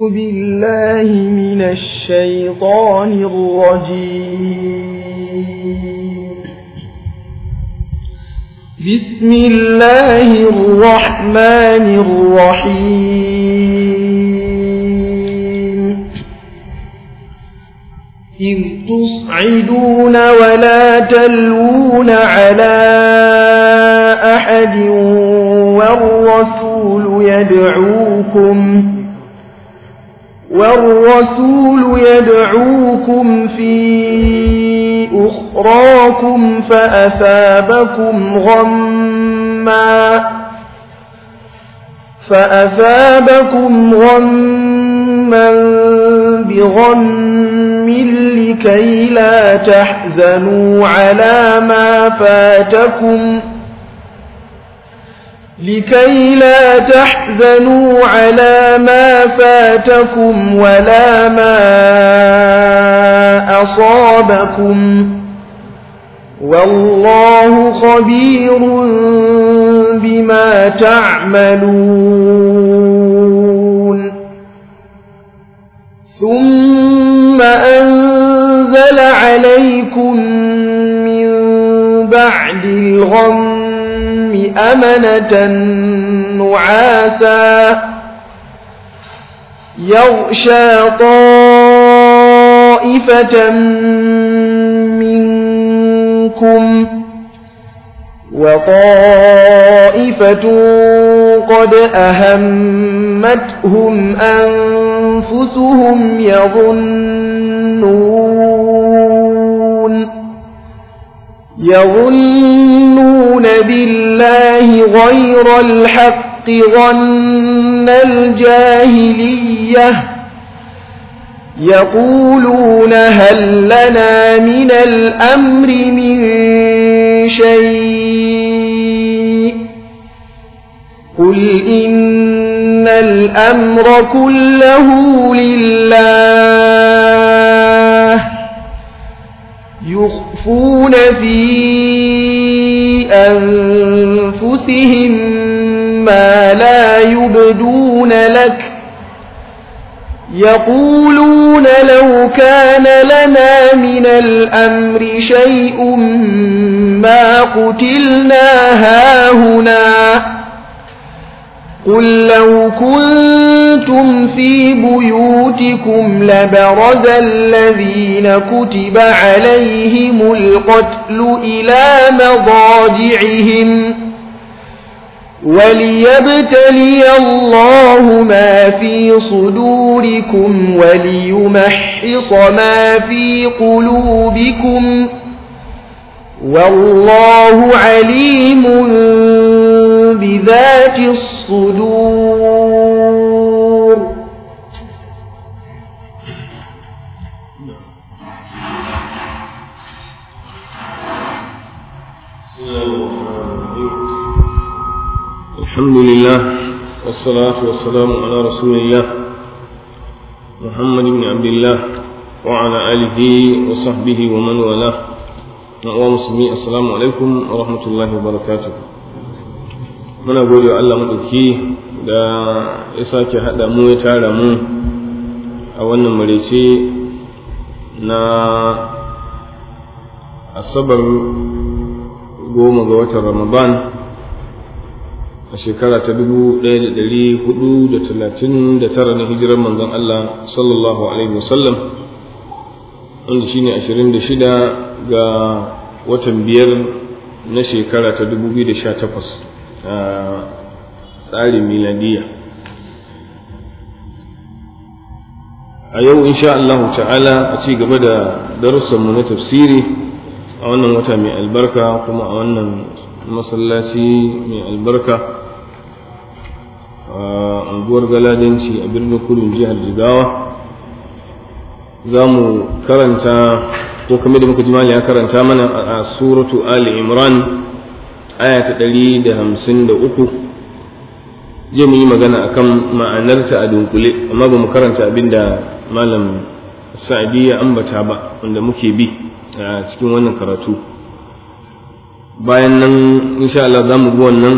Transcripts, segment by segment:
بالله من الشيطان الرجيم بسم الله الرحمن الرحيم إذ تصعدون ولا تلون على أحد والرسول يدعوكم والرسول يدعوكم في أخراكم فأثابكم غما فأثابكم غما بغم لكي لا تحزنوا على ما فاتكم لكي لا تحزنوا على ما فاتكم ولا ما أصابكم والله خبير بما تعملون ثم أنزل عليكم من بعد الغم أمنة نعاسا يغشى طائفة منكم وطائفة قد أهمتهم أنفسهم يظنون يظنون بالله غير الحق ظن الجاهلية يقولون هل لنا من الأمر من شيء قل إن الأمر كله لله يخفون في أنفسهم ما لا يبدون لك يقولون لو كان لنا من الأمر شيء ما قتلنا هاهنا قل لو كنتم في بيوتكم لبرز الذين كتب عليهم القتل إلى مضاجعهم وليبتلي الله ما في صدوركم وليمحص ما في قلوبكم والله عليم بذات الصدور الحمد لله والصلاة والسلام على رسول الله محمد بن عبد الله وعلى آله وصحبه ومن والاه ومسلمين السلام عليكم ورحمة الله وبركاته muna gode wa Allah maɗauki da ya sake haɗa mu ya tara mu a wannan marece na asabar goma ga watan ramadan a shekara ta dubu ɗaya da ɗari hudu da talatin da tara na hijirar manzon Allah sallallahu alaihi wasallam wanda shine ashirin da shida ga watan biyar na shekara ta dubu biyu da sha takwas tsarin miladiya a yau insha Allah ta'ala a ci gaba da darussanmu na tafsiri a wannan wata mai albarka kuma a wannan masallaci mai albarka a unguwar galadanci a birnin kudin jihar jigawa za mu karanta ko kamar da muka ji ya karanta mana a suratu ali imran aya ta ɗari da hamsin da uku zai mu yi magana akan ma'anarta a dunkule amma ba mu karanta abin da malam sa'adi ya ambata ba wanda muke bi a cikin wannan karatu bayan nan insha Allah za mu bi wannan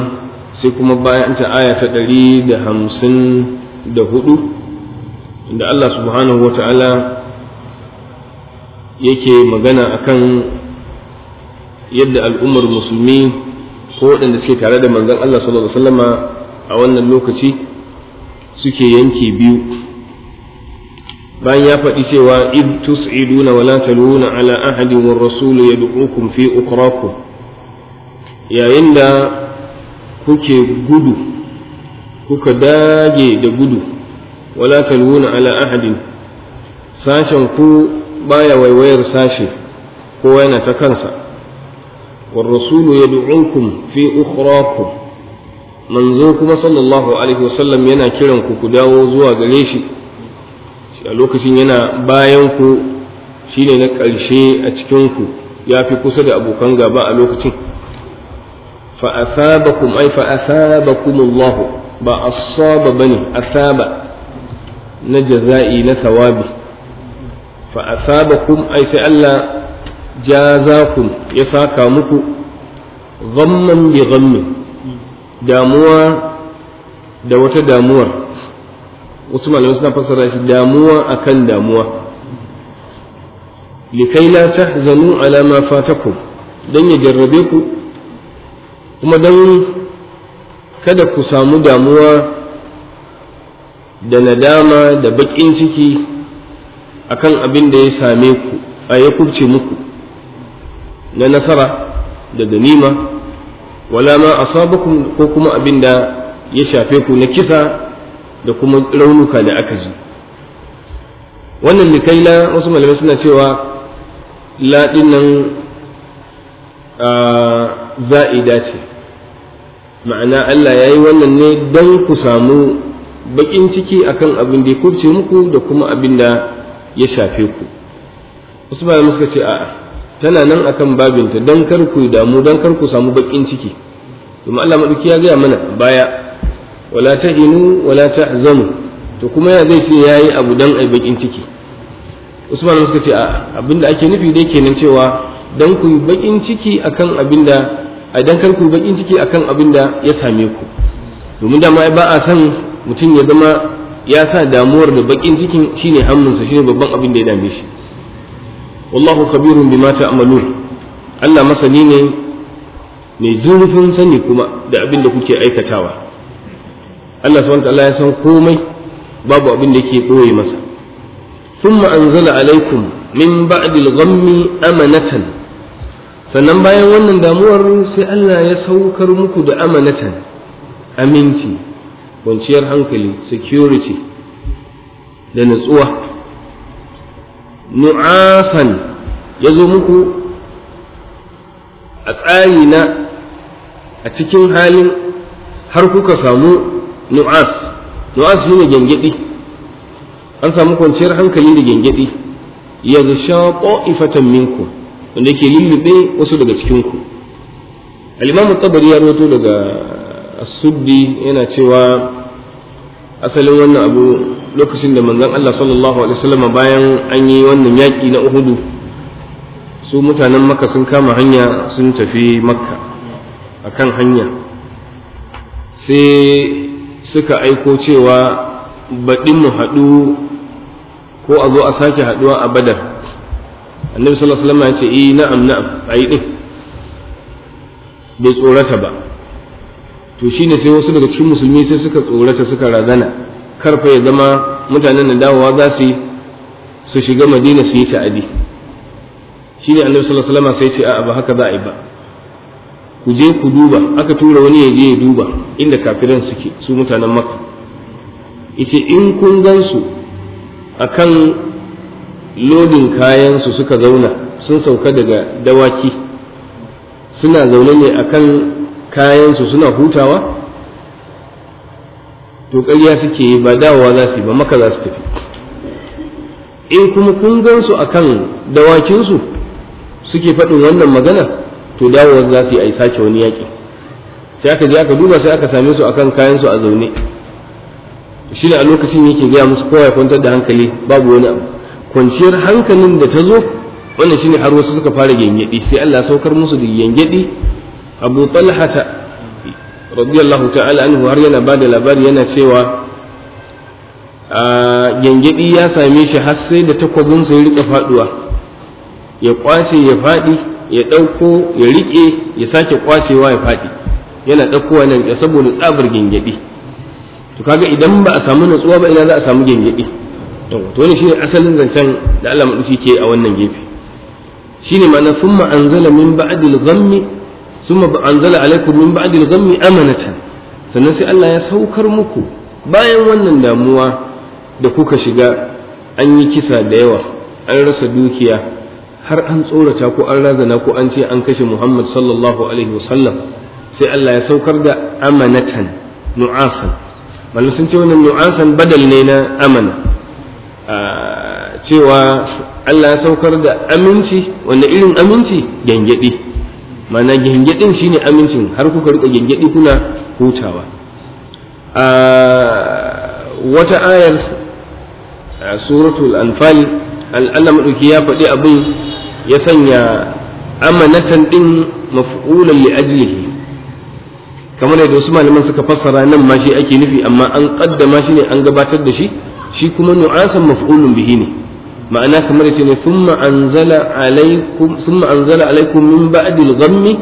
sai kuma bayan ta aya ta ɗari da hamsin da hudu inda Allah subhanahu wa ta'ala yake magana akan yadda al'ummar musulmi ko waɗanda suke tare da manzon Allah sallallahu alaihi wasallama a wannan lokaci suke yanke biyu bayan ya faɗi cewa id tus'iduna wa la taluna ala ahadin war rasul yad'ukum fi ukrakum yayin da kuke gudu kuka dage da gudu wala taluna ala ahadin sashen ku baya waiwayar sashe kowa yana ta kansa والرسول يدعوكم في أخراكم منزوكم صلى الله عليه وسلم ينا كرنكو كداو زوا قليشي سألوك سينا باينكو شين لك الشيء أتكنكو يا في قصد أبو كنغا با ألوك فأثابكم أي فأثابكم الله با أصاب بني أثاب نجزائي نثوابي فأثابكم أي فالا jazakum ya saka muku ghamman bi ghammin damuwa da wata damuwar wasu malamai suna fassara shi damuwa akan damuwa likai la tahzanu ala ma fatakum dan ya jarrabe ku kuma dan kada ku samu damuwa da nadama da bakin ciki akan abin da ya same ku a ya kubce muku na nasara da ganima wala ma asabakum ko kuma abin ya shafe ku na kisa da kuma raunuka da aka ji wannan likaila wasu malamai suna cewa laɗin nan za'ida ce ma'ana Allah ya yi wannan ne don ku samu baƙin ciki akan abin da ya kurce muku da kuma abin da ya shafe ku wasu malamai suka ce a'a tana nan akan babinta don kar ku damu don kar ku samu bakin ciki kuma Allah madauki ya gaya mana baya wala tahinu wala tahzanu to kuma ya zai ce yayi abu dan a bakin ciki Usman suka ce a abinda ake nufi dai kenan cewa dan ku bakin ciki akan abinda a dan kar ku bakin ciki akan abinda ya same ku domin dama ba a san mutum ya zama ya sa damuwar da baƙin cikin shine hannunsa shine babban abin da ya dame shi wallahu khabirun bima ta'malun Allah masani ne mai zurfin sani kuma da abin da kuke aikatawa Allah subhanahu wa ta'ala ya san komai babu abin da yake ɓoye masa thumma anzala alaikum min ba'di al-ghammi amanatan sannan bayan wannan damuwar sai Allah ya saukar muku da amanatan aminci kwanciyar hankali security da natsuwa nu'asan ya zo muku a tsari na a cikin halin har kuka samu nu'as nu'as ne gyangyaɗi an samu kwanciyar hankali da gyangyaɗi ya zusha ifatan minku wanda yake lullube wasu daga cikinku al'imamu tabari ya roto daga asuddi yana cewa asalin wannan abu lokacin da manzon Allah sallallahu alaihi wasallam bayan an yi wannan yaki na Uhudu su mutanen Makka sun kama hanya sun tafi Makka akan hanya sai suka aiko cewa baɗin mu haɗu ko a zo a sake haɗuwa a Badar annabi sallallahu alaihi wasallam ya ce eh na'am na'am ayi din bai tsorata ba to shine sai wasu daga cikin musulmi sai suka tsorata suka razana karfa ya zama mutanen da dawowa za su su shiga madina su yi ta'adi shi ne annabi sallallahu alaihi wasallam sai ce a'a ba haka za a yi ba ku je ku duba aka tura wani ya je ya duba inda kafiran suke su mutanen makka yace in kun gan su akan lodin kayan su suka zauna sun sauka daga dawaki suna zaune ne akan kayan su suna hutawa to ƙarya suke yi ba dawowa za su yi ba maka za su tafi in kuma kun gan su akan dawakinsu suke faɗin wannan magana to dawowa za su yi a yi sake wani yaƙi sai aka je aka duba sai aka same su akan kayan su a zaune shi ne a lokacin yake gaya musu kowa ya kwantar da hankali babu wani abu kwanciyar hankalin da ta zo wannan ne har wasu suka fara gyangyaɗi sai Allah saukar musu da gyangyaɗi Abu Talha radiyallahu ta'ala anhu har yana bada labari yana cewa gyangyaɗi ya same shi har sai da takwabinsa ya riƙe faduwa ya kwashe ya fadi ya dauko ya riƙe ya sake kwacewa ya fadi yana dauko nan ya saboda tsabar gyangyaɗi to kaga idan ba a samu natsuwa ba ina za a samu gyangyaɗi to ne shine asalin zancen da Allah maɗuki ke a wannan gefe shine ma'ana summa anzala min ba'dil ghammi summa anzala alaikum min ba'di al-ghammi amanatan sannan sai Allah ya saukar muku bayan wannan damuwa da kuka shiga an yi kisa da yawa an rasa dukiya har an tsorata ko an razana ko an ce an kashe Muhammad sallallahu alaihi wasallam sai Allah ya saukar da amanatan nu'asan mallu sun ce wannan nu'asan badal ne na amana cewa Allah ya saukar da aminci wanda irin aminci gyangyaɗi mana gyangyaɗin shine amincin har kuka rika gyangyaɗi kuna hutawa a wata ayar suratul anfal Allah duki ya faɗi abin ya sanya amanatan ɗin maf'ulan li ajlihi kamar yadda wasu malaman suka fassara nan ma shi ake nufi amma an ƙaddama shi ne an gabatar da shi shi kuma nu'asan maf'ulun bihi ne ma'ana kamar yace ne thumma anzala alaikum thumma anzala alaikum min ba'di al-ghammi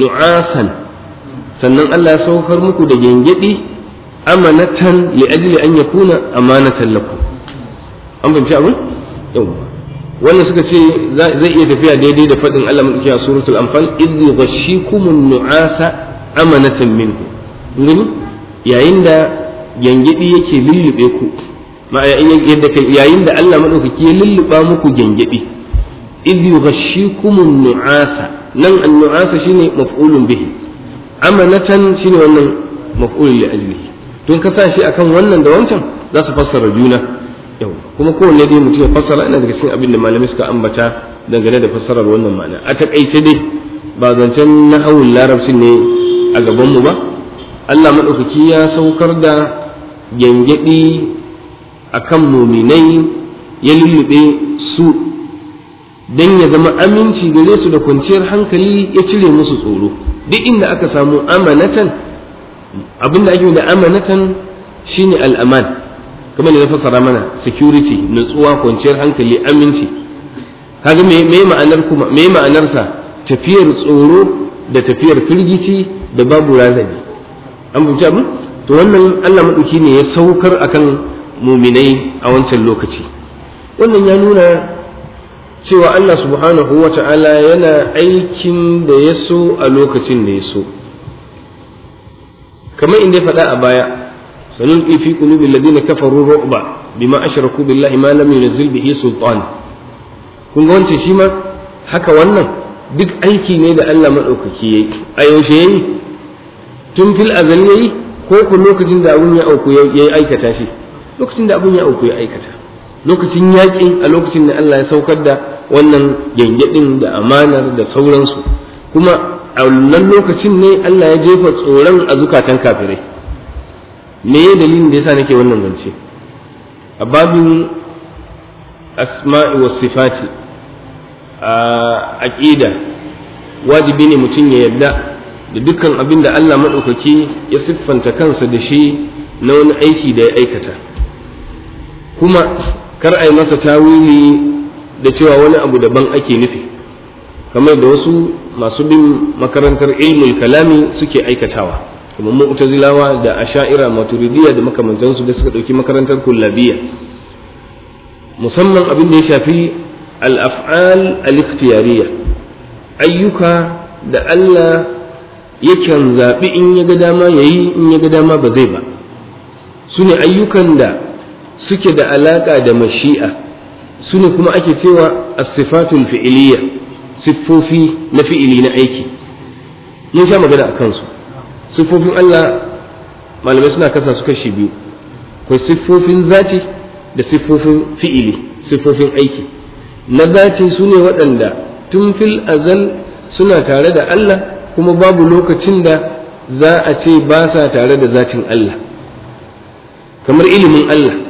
nu'asan sannan Allah ya saukar muku da gengedi amanatan li ajli an yakuna amanatan lakum an fahimci abin yawa wannan suka ce zai iya tafiya daidai da fadin Allah mun kiya suratul anfal idh yughashikumun nu'asa amanatan minhu yayin da gengedi yake lullube ku yadda kai yayin da Allah madaukaki ya lulluba muku gengedi idh yughashikumun nu'asa nan an-nu'asa shine maf'ulun bihi amanatan shine wannan maf'ul li ajlihi tun ka sa shi akan wannan da wancan za su fassara juna yau kuma kowanne dai mutum ya fassara ina daga cikin abin da malamai suka ambata dangane da fassarar wannan ma'ana a takaice dai ba zancen hawul larabci ne a gaban mu ba Allah madaukaki ya saukar da gengedi akan muminai ya lullube su don ya zama aminci gare su da kwanciyar hankali ya cire musu tsoro duk inda aka samu amanatan abinda ake da amanatan shine al'aman kamar ne fassara mana security nutsuwa kwanciyar hankali aminci kaga me ma'anar kuma me ma'anarsa tafiyar tsoro da tafiyar firgici da babu razani an fahimci abin to wannan Allah maɗauki ne ya saukar akan muminai a wancan lokaci wannan ya nuna cewa Allah subhanahu wa ta'ala yana aikin da ya so a lokacin da ya so kamar inda ya faɗa a baya sanulqi fi qulubi alladhina kafaru ru'ba bima ashraku billahi ma lam yunzil bihi sultan kun ga wancan shi ma haka wannan duk aiki ne da Allah madaukaki yayi a yaushe yayi tun fil azal yayi ko ku lokacin da abun ya auku yayi aikata shi lokacin da abin ya auku ya aikata lokacin yaƙi a lokacin da Allah ya saukar da wannan gyangyaɗin da amanar da sauransu kuma a wannan lokacin ne Allah ya jefa tsoron a zukatan kafirai me ya dalilin da yasa nake wannan zance a babin asma'i was sifati a aqida wajibi ne mutum ya yadda da dukkan abin da Allah maɗaukaki ya siffanta kansa da shi na wani aiki da ya aikata kuma kar a yi masa tawili da cewa wani abu daban ake nufi kamar da wasu masu bin makarantar ilmul kalami suke aikatawa kamar mu'tazilawa da asha'ira maturidiyya da makamantansu da suka ɗauki makarantar kullabiyya musamman abin da ya shafi al-af'al al-ikhtiyariyya ayyuka da Allah yakan zaɓi in ya ga dama yayi in ya ga dama ba zai ba su ne ayyukan da suke da alaƙa da mashi'a su ne kuma ake cewa a sifatun fi'iliya siffofi na fi'ili na aiki mun sha magana a kansu siffofin Allah malamai suna kasa su kashi biyu kwa siffofin zati da siffofin fi'ili siffofin aiki na zati su ne waɗanda tun fil azal suna tare da Allah kuma babu lokacin da za a ce ba sa tare da zatin Allah kamar ilimin Allah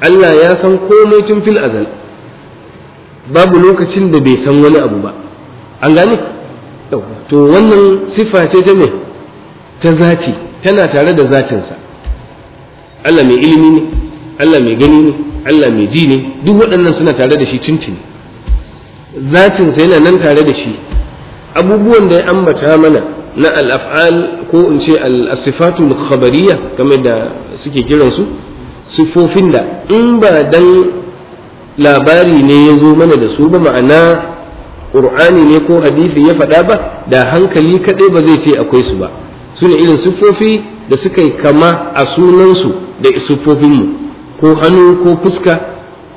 Allah ya san komai tun fil azal babu lokacin da bai san wani abu ba an gane to wannan sifa ce ta me ta zaci tana tare da zacinsa. Allah mai ilimi ne Allah mai gani ne Allah mai ji ne duk waɗannan suna tare da shi tuntuni Zacinsa yana nan tare da shi abubuwan da ya ambata mana na al'af'al ko in ce al'asifatul khabariya game da suke kiransu siffofin da in ba dan labari ne ya zo mana da su ba ma'ana ƙur'ani ne ko hadisi ya faɗa ba da hankali kaɗai ba zai ce akwai su ba su ne irin siffofi da suka yi kama a sunansu da siffofinmu ko hannu ko fuska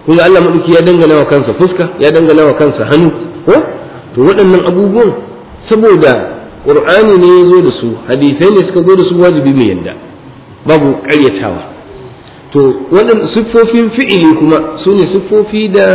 ko Allah maɗauki ya dangana wa kansa fuska ya dangana wa kansa hannu ko to waɗannan abubuwan saboda ƙur'ani ne ya zo da su hadisai ne suka zo da su wajibi mai yanda babu ƙaryatawa to wannan siffofin fi'ili kuma sune ne siffofi da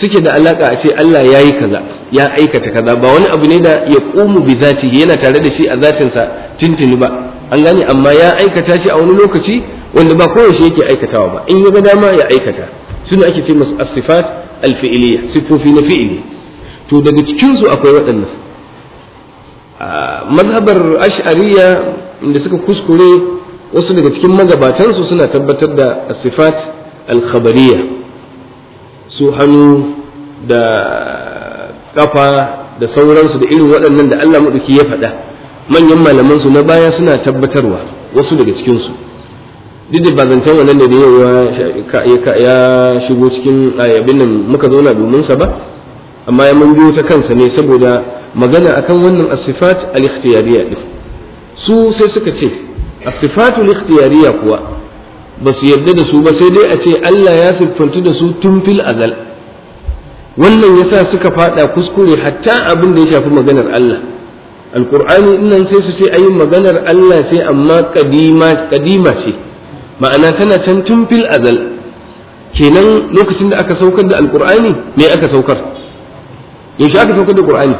suke da alaka a ce Allah ya yi kaza ya aikata kaza ba wani abu ne da ya ƙumu bi zatihi yana tare da shi a zatinsa tintini ba an gane amma ya aikata shi a wani lokaci wanda ba koyaushe yake aikatawa ba in ya ga dama ya aikata suna ake ce masu asifat alfi'iliya siffofi na fi'ili to daga cikinsu akwai waɗannan mazhabar ash'ariya inda suka kuskure wasu daga cikin magabatansu suna tabbatar da sifat alkhabariya su hannu da kafa da sauransu da irin waɗannan da Allah maɗauki ya faɗa manyan malamansu na baya suna tabbatarwa wasu daga cikinsu duk da ba zancen wannan ne da yau ya shigo cikin ayabin nan muka zauna domin sa ba amma ya mun biyo ta kansa ne saboda magana akan wannan asifat al-ikhtiyariyya su sai suka ce as-sifatul ikhtiyariya kuwa ba su yarda da su ba sai dai a ce Allah ya siffantu da su tun azal wannan yasa suka faɗa kuskure hatta abin da ya shafi maganar Allah in nan sai su ce ayi maganar Allah sai amma kadima ce ma'ana tana can tun azal kenan lokacin da aka saukar da alqur'ani me aka saukar yaushe aka saukar da qur'ani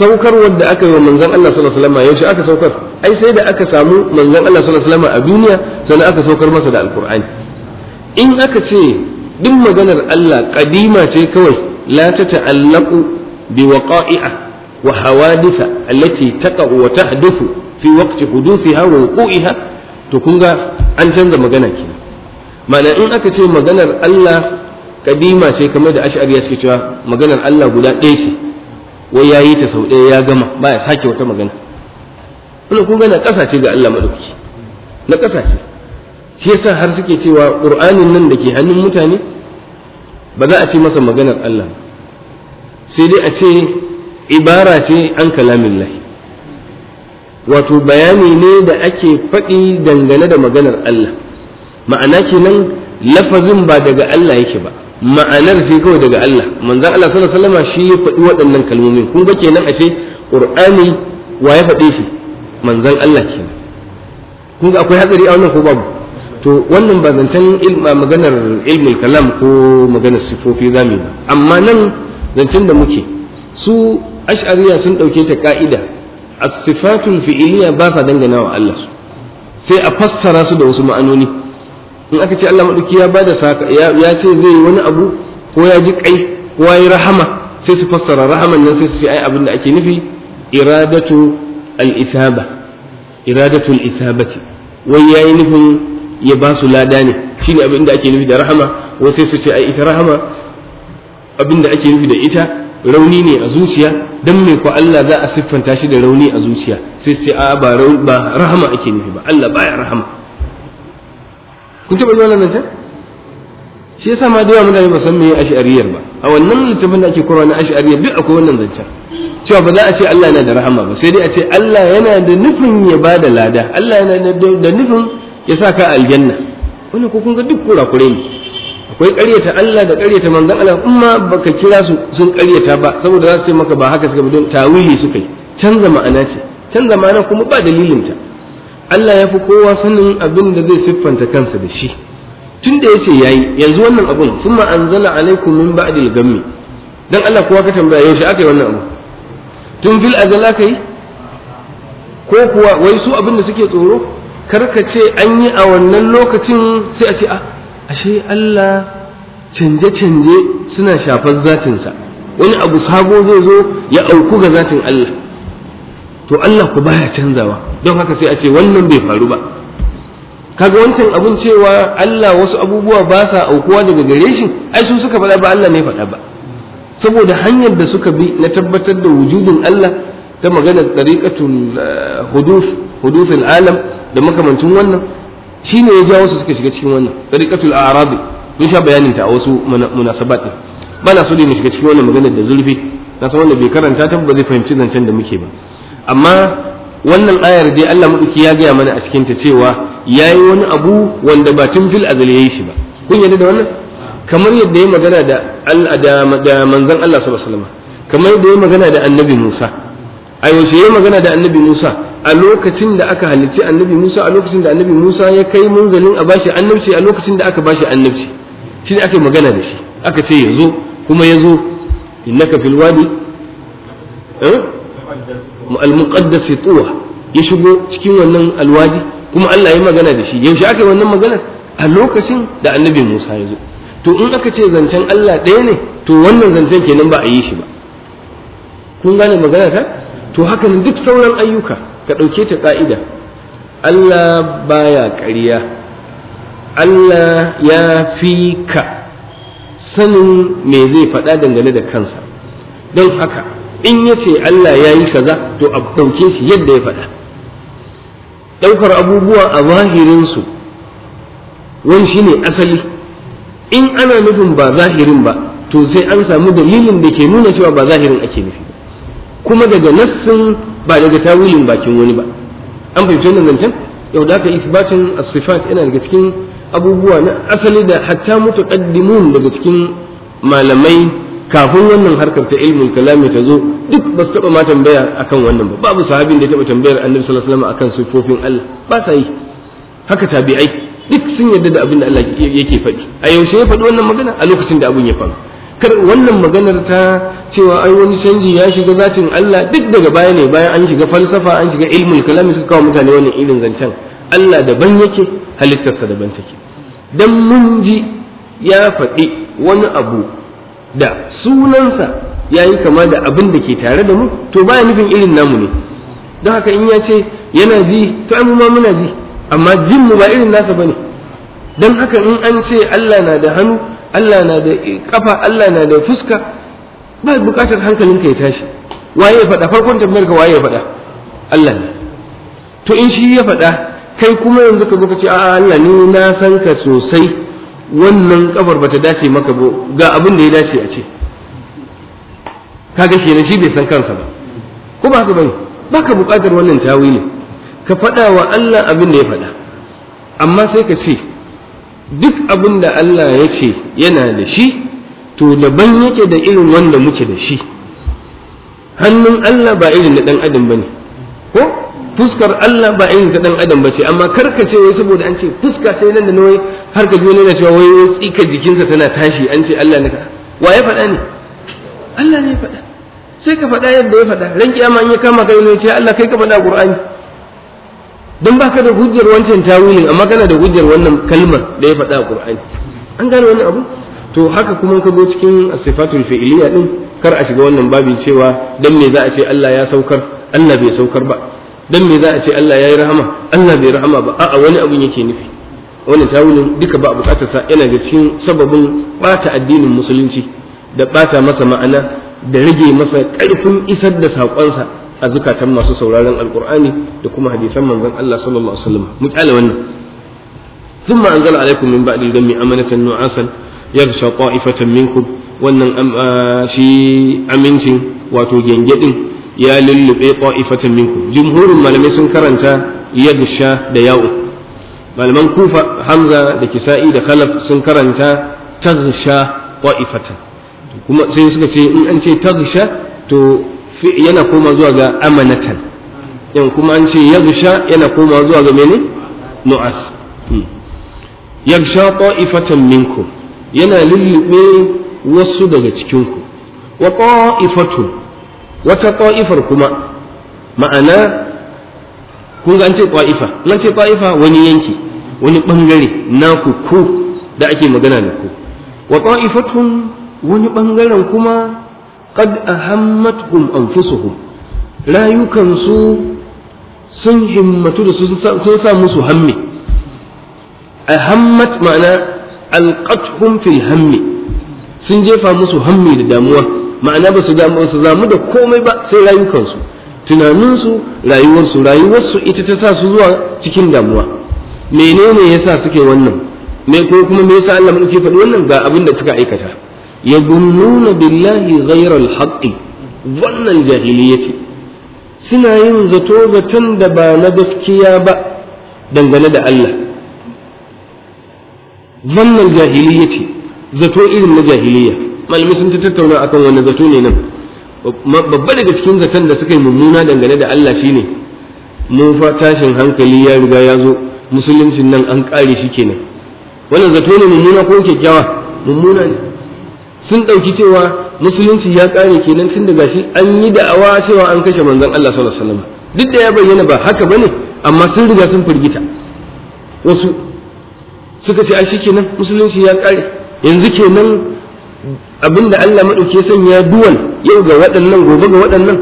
saukar wanda aka yi wa manzon Allah sallallahu alaihi wasallam yaushe aka saukar ai sai da aka samu manzon Allah sallallahu alaihi wasallam a duniya sannan aka saukar masa da alqur'ani in aka ce duk maganar Allah kadima ce kawai la ta ta'allaqu bi waqa'i'a wa hawaditha allati taqa'u wa tahdathu fi waqti huduthiha wa wuqu'iha to kun ga an canza magana ma ma'ana in aka ce maganar Allah kadima ce kamar da ash'ariya suke cewa maganar Allah guda ɗaya ce wai ya yi ta sau ɗaya ya gama ba ya sake wata magana wani kun gana ƙasa ga Allah maɗauki na ƙasa ce shi yasa har suke cewa ƙur'anin nan da ke hannun mutane ba za a ce masa maganar Allah sai dai a ce ibara ce an kalamin lahi wato bayani ne da ake faɗi dangane da maganar Allah ma'ana kenan lafazin ba daga Allah yake ba ma'anar sai kawai daga Allah manzon Allah sallallahu alaihi wasallam shi ya faɗi waɗannan kalmomin kun ga kenan ashe qur'ani wa ya faɗe shi manzon Allah kenan kun ga akwai hatsari a wannan ko babu to wannan ba zancen ilma maganar ilmul kalam ko maganar sifofi zamu ba amma nan zancen da muke su ash'ariya sun ɗauke ta ka'ida as-sifatul fi'liya ba sa dangana wa Allah su sai a fassara su da wasu ma'anoni in aka ce Allah maɗauki ya saka ya ce zai yi wani abu ko ya ji kai ko ya yi rahama sai su fassara rahaman nan sai su ce ai abin da ake nufi iradatu al-isaba iradatu al-isabati wai yayi nufin ya ba su lada ne shine abin da ake nufi da rahama wai sai su ce ai ita rahama abin da ake nufi da ita rauni ne a zuciya dan me ko Allah za a siffanta shi da rauni a zuciya sai su ce a ba rahama ake nufi ba Allah baya rahama kun taɓa ji wannan zancen shi yasa ma da yawa mutane ba san meye ash'ariyar ba a wannan littafin da ake kora na ash'ariyar duk akwai wannan zancen cewa ba za a ce Allah yana da rahama ba sai dai a ce Allah yana da nufin ya ba da lada Allah yana da nufin ya sa ka aljanna wannan ko kun ga duk kura-kure ne akwai ƙaryata Allah da ƙaryata manzon Allah in baka kira su sun ƙaryata ba saboda za su ce maka ba haka suka bi don tawili suka yi canza ma'ana ce canza ma'ana kuma ba dalilin ta. Allah ya fi kowa sanin abin da zai siffanta kansa da shi tun da yace yayi yanzu wannan abun an anzala alaikum min ba'dil gammi dan Allah kowa ka tambaya yaushe aka yi wannan abu tun fil azala yi? ko kuwa wai su abin da suke tsoro Kar ka ce an yi a wannan lokacin sai a ce a ah, ashe Allah canje-canje suna shafar zatinsa wani abu sabo zai zo ya auku ga zatin Allah to Allah ku baya canzawa don haka sai a ce wannan bai faru ba kaga wancan abun cewa Allah wasu abubuwa ba sa aukuwa daga gare shi ai su suka faɗa ba Allah ne faɗa ba saboda hanyar da suka bi na tabbatar da wujudin Allah ta magana tariqatul eh, hudus hudufil alam da makamancin wannan shine ya jawo su suka shiga cikin wannan tariqatul a'rabi mun sha bayanin ta a wasu munasabat ba na so ne shiga cikin wannan maganar da zurfi na san wanda bai karanta ta ba zai fahimci zancen da muke ba amma wannan ayar dai Allah maɗauki ya gaya mana a ta cewa ya yi wani abu wanda ba tun fil azal yayi shi ba kun yarda da wannan kamar yadda ya magana da manzon Allah sallallahu alaihi kamar yadda ya magana da annabi Musa a shi ya magana da annabi Musa a lokacin da aka halicci annabi Musa a lokacin da annabi Musa ya kai munzalin a bashi annabci a lokacin da aka bashi annabci shi ne aka magana da shi aka ce ya zo kuma ya zo innaka fil wadi eh? al-muqaddas tuwa ya shigo cikin wannan alwadi kuma Allah ya magana da shi yaushe aka yi wannan maganar a lokacin da annabi Musa ya zo to in aka ce zancen Allah ɗaya ne to wannan zancen kenan ba a yi shi ba kun gane magana ta to haka ne duk sauran ayyuka ka ɗauke ta ƙa'ida Allah baya ƙarya Allah ya fi ka sanin me zai faɗa dangane da kansa don haka in ya ce Allah ya yi kaza to a ɗauke shi yadda ya faɗa ɗaukar abubuwa a zahirinsu wani shi ne asali in ana nufin ba zahirin ba to sai an samu dalilin da ke nuna cewa ba zahirin ake nufi kuma daga nassin ba daga tawilin bakin wani ba an fahimci wannan zancen yau da aka isbatin as-sifat yana daga cikin abubuwa na asali da hatta mutaqaddimun daga cikin malamai kafin wannan harkar ta ilmul kalami ta zo duk ba su taba ma tambaya akan wannan ba babu sahabin da ya taba tambayar annabi sallallahu alaihi wasallam akan sifofin Allah ba sa yi haka tabi'ai duk sun yarda da abin da Allah yake faɗi a yaushe ya faɗi wannan magana a lokacin da abin ya faru kar wannan maganar ta cewa ai wani canji ya shiga zatin Allah duk daga baya ne bayan an shiga falsafa an shiga ilmul kalami suka kawo mutane wannan irin zancen Allah daban yake halittarsa daban take dan mun ji ya faɗi wani abu da sunansa ya yi kama da abin da ke tare da mu to baya nufin irin namu ne don haka in ya ce yana ji to ai ma muna ji amma jin mu ba irin nasa bane don haka in an ce Allah na da hannu Allah na da kafa Allah na da fuska ba bukatar hankalinka ya tashi waye ya faɗa farkon tambayar ka waye ya faɗa Allah ne to in shi ya faɗa kai kuma yanzu ka zo ka ce a Allah ne na san ka sosai wannan kafar bata dace maka ba ga abin da ya dace a ce kaga ga shi bai san kansa ba ko ba haka bane baka buƙatar wannan tawili ka faɗawa wa Allah abin da ya faɗa amma sai ka ce duk abin da Allah ya ce yana da shi to daban yake da irin wanda muke da shi hannun Allah ba irin na ɗan adam bane ko fuskar Allah ba irin kaɗan dan adam bace amma karka ce wai saboda an ce fuska sai nan da nawai har ka ji na cewa wai tsikar jikinsa tana tashi an ce Allah ne ka wa ya faɗa ne Allah ne ya faɗa sai ka faɗa yadda ya faɗa ran kiyama an ya kama kai ne ce Allah kai ka faɗa Qur'ani dan baka da hujjar wancan tawilin amma kana da hujjar wannan kalmar da ya faɗa Qur'ani an gane wani abu to haka kuma ka zo cikin sifatul fi'liya din kar a shiga wannan babin cewa dan me za a ce Allah ya saukar Allah bai saukar ba dan me za a ce Allah yayi rahama Allah bai rahama ba a'a wani abun yake nufi wannan tawulin duka ba a bukatar sa yana da cikin sababin bata addinin musulunci da bata masa ma'ana da rage masa karfin isar da sakonsa a zukatan masu sauraron alkur'ani da kuma hadisan manzon Allah sallallahu alaihi wasallam mu kyale wannan ثم أنزل عليكم من بعد الدم أمنة نعاسا يغشى طائفة منكم wannan ah, shi amincin wato gengedin ya lullube qa'ifatan minkum jumhurin malamai sun karanta yagsha da ya'u malaman kufa hamza da kisa'i da khalaf sun karanta tagsha qa'ifatan kuma sai suka ce in an ce tagsha to yana koma zuwa ga amanatan in kuma an ce yagsha yana koma zuwa ga mene nu'as hmm. yagsha qa'ifatan minkum yana lullube wasu daga cikinku wa qa'ifatun wata ƙwa'ifar kuma ma'ana kun ga an ce ƙwa'ifa nan ce ƙwa'ifa wani yanki wani ɓangare na ku da ake magana da ku wa ƙwa'ifatun wani ɓangaren kuma qad ahammathum anfusuhum rayukansu sun himmatu da sun sa musu hammi ahammat ma'ana alqathum fil hammi sun jefa musu hammi da damuwa ma'ana ba su zamu da komai ba sai rayukansu tunaninsu rayuwarsu rayuwarsu ita ta sa su zuwa cikin damuwa menene yasa suke wannan me ko kuma me yasa Allah muke faɗi wannan ga abin da suka aikata Ya gumnuna billahi ghayra alhaqi wannan jahiliyyati suna yin zato zaton da ba na gaskiya ba dangane da Allah wannan jahiliyyati zato irin na jahiliyya malami sun ta tattauna akan wani zato ne nan babba daga cikin zaton da suka yi mummuna dangane da Allah shine mu fa tashin hankali ya riga ya zo musuluncin nan an kare shi kenan wannan zato ne mummuna ko kyakkyawa mummuna ne sun ɗauki cewa musulunci ya kare kenan tun daga shi an yi da'awa cewa an kashe manzon Allah sallallahu alaihi wasallam duk da ya bayyana ba haka bane amma sun riga sun firgita wasu suka ce ai shikenan musulunci ya kare yanzu kenan abinda Allah maɗauki ya sanya duwan yau ga waɗannan gobe ga waɗannan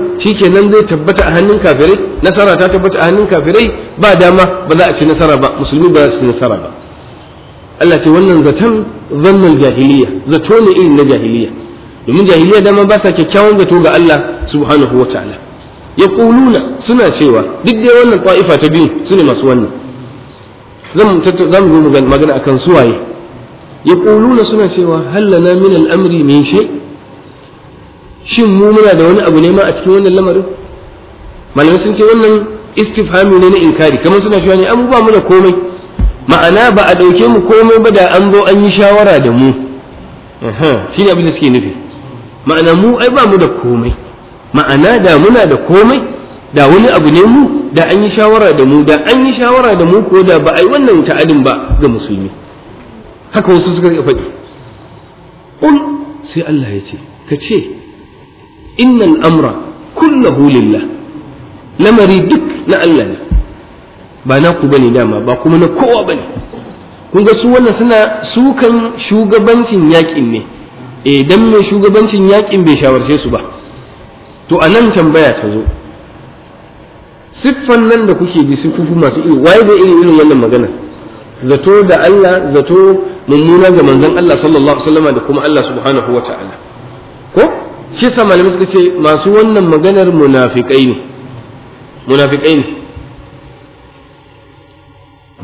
nan zai tabbata a hannun kafirai nasara ta tabbata a hannun kafirai ba dama ba za a ci nasara ba musulmi ba za su ci nasara ba Allah ce wannan zaton zannan jahiliya zato ne irin na jahiliya domin jahiliya dama ba sa kyakkyawan zato ga Allah subhanahu wa ta'ala ya kuluna suna cewa duk dai wannan ta'ifa ta biyu su ne masu wannan zan mu magana akan suwaye yaquluna suna cewa hallana min al-amri min shi shin muna da wani abu ne ma a cikin wannan lamarin malamai sun ce wannan istifhami ne na inkari kamar suna cewa ne an ba mu da komai ma'ana ba a ɗauke mu komai ba da an zo an yi shawara da mu shi ne abin da suke nufi ma'ana mu ai ba mu da komai ma'ana da muna da komai da wani abu ne mu da an yi shawara da mu da an yi shawara da mu ko da ba a yi wannan ta'adin ba ga musulmi haka wasu suka ga faɗi qul sai Allah ya ce ka ce innal amra kullahu lillah lamari duk na Allah ne ba na ku bane dama ba kuma na kowa bane kun ga su wannan suna sukan shugabancin yakin ne eh dan mai shugabancin yakin bai shawarce su ba to anan tambaya ta zo siffan nan da kuke bi siffofi masu iri waye da irin wannan magana zato da Allah zato mummuna ga manzon Allah sallallahu alaihi wasallam da kuma Allah subhanahu wata'ala ko shi sa malamai suka ce masu wannan maganar munafikai ne munafikai ne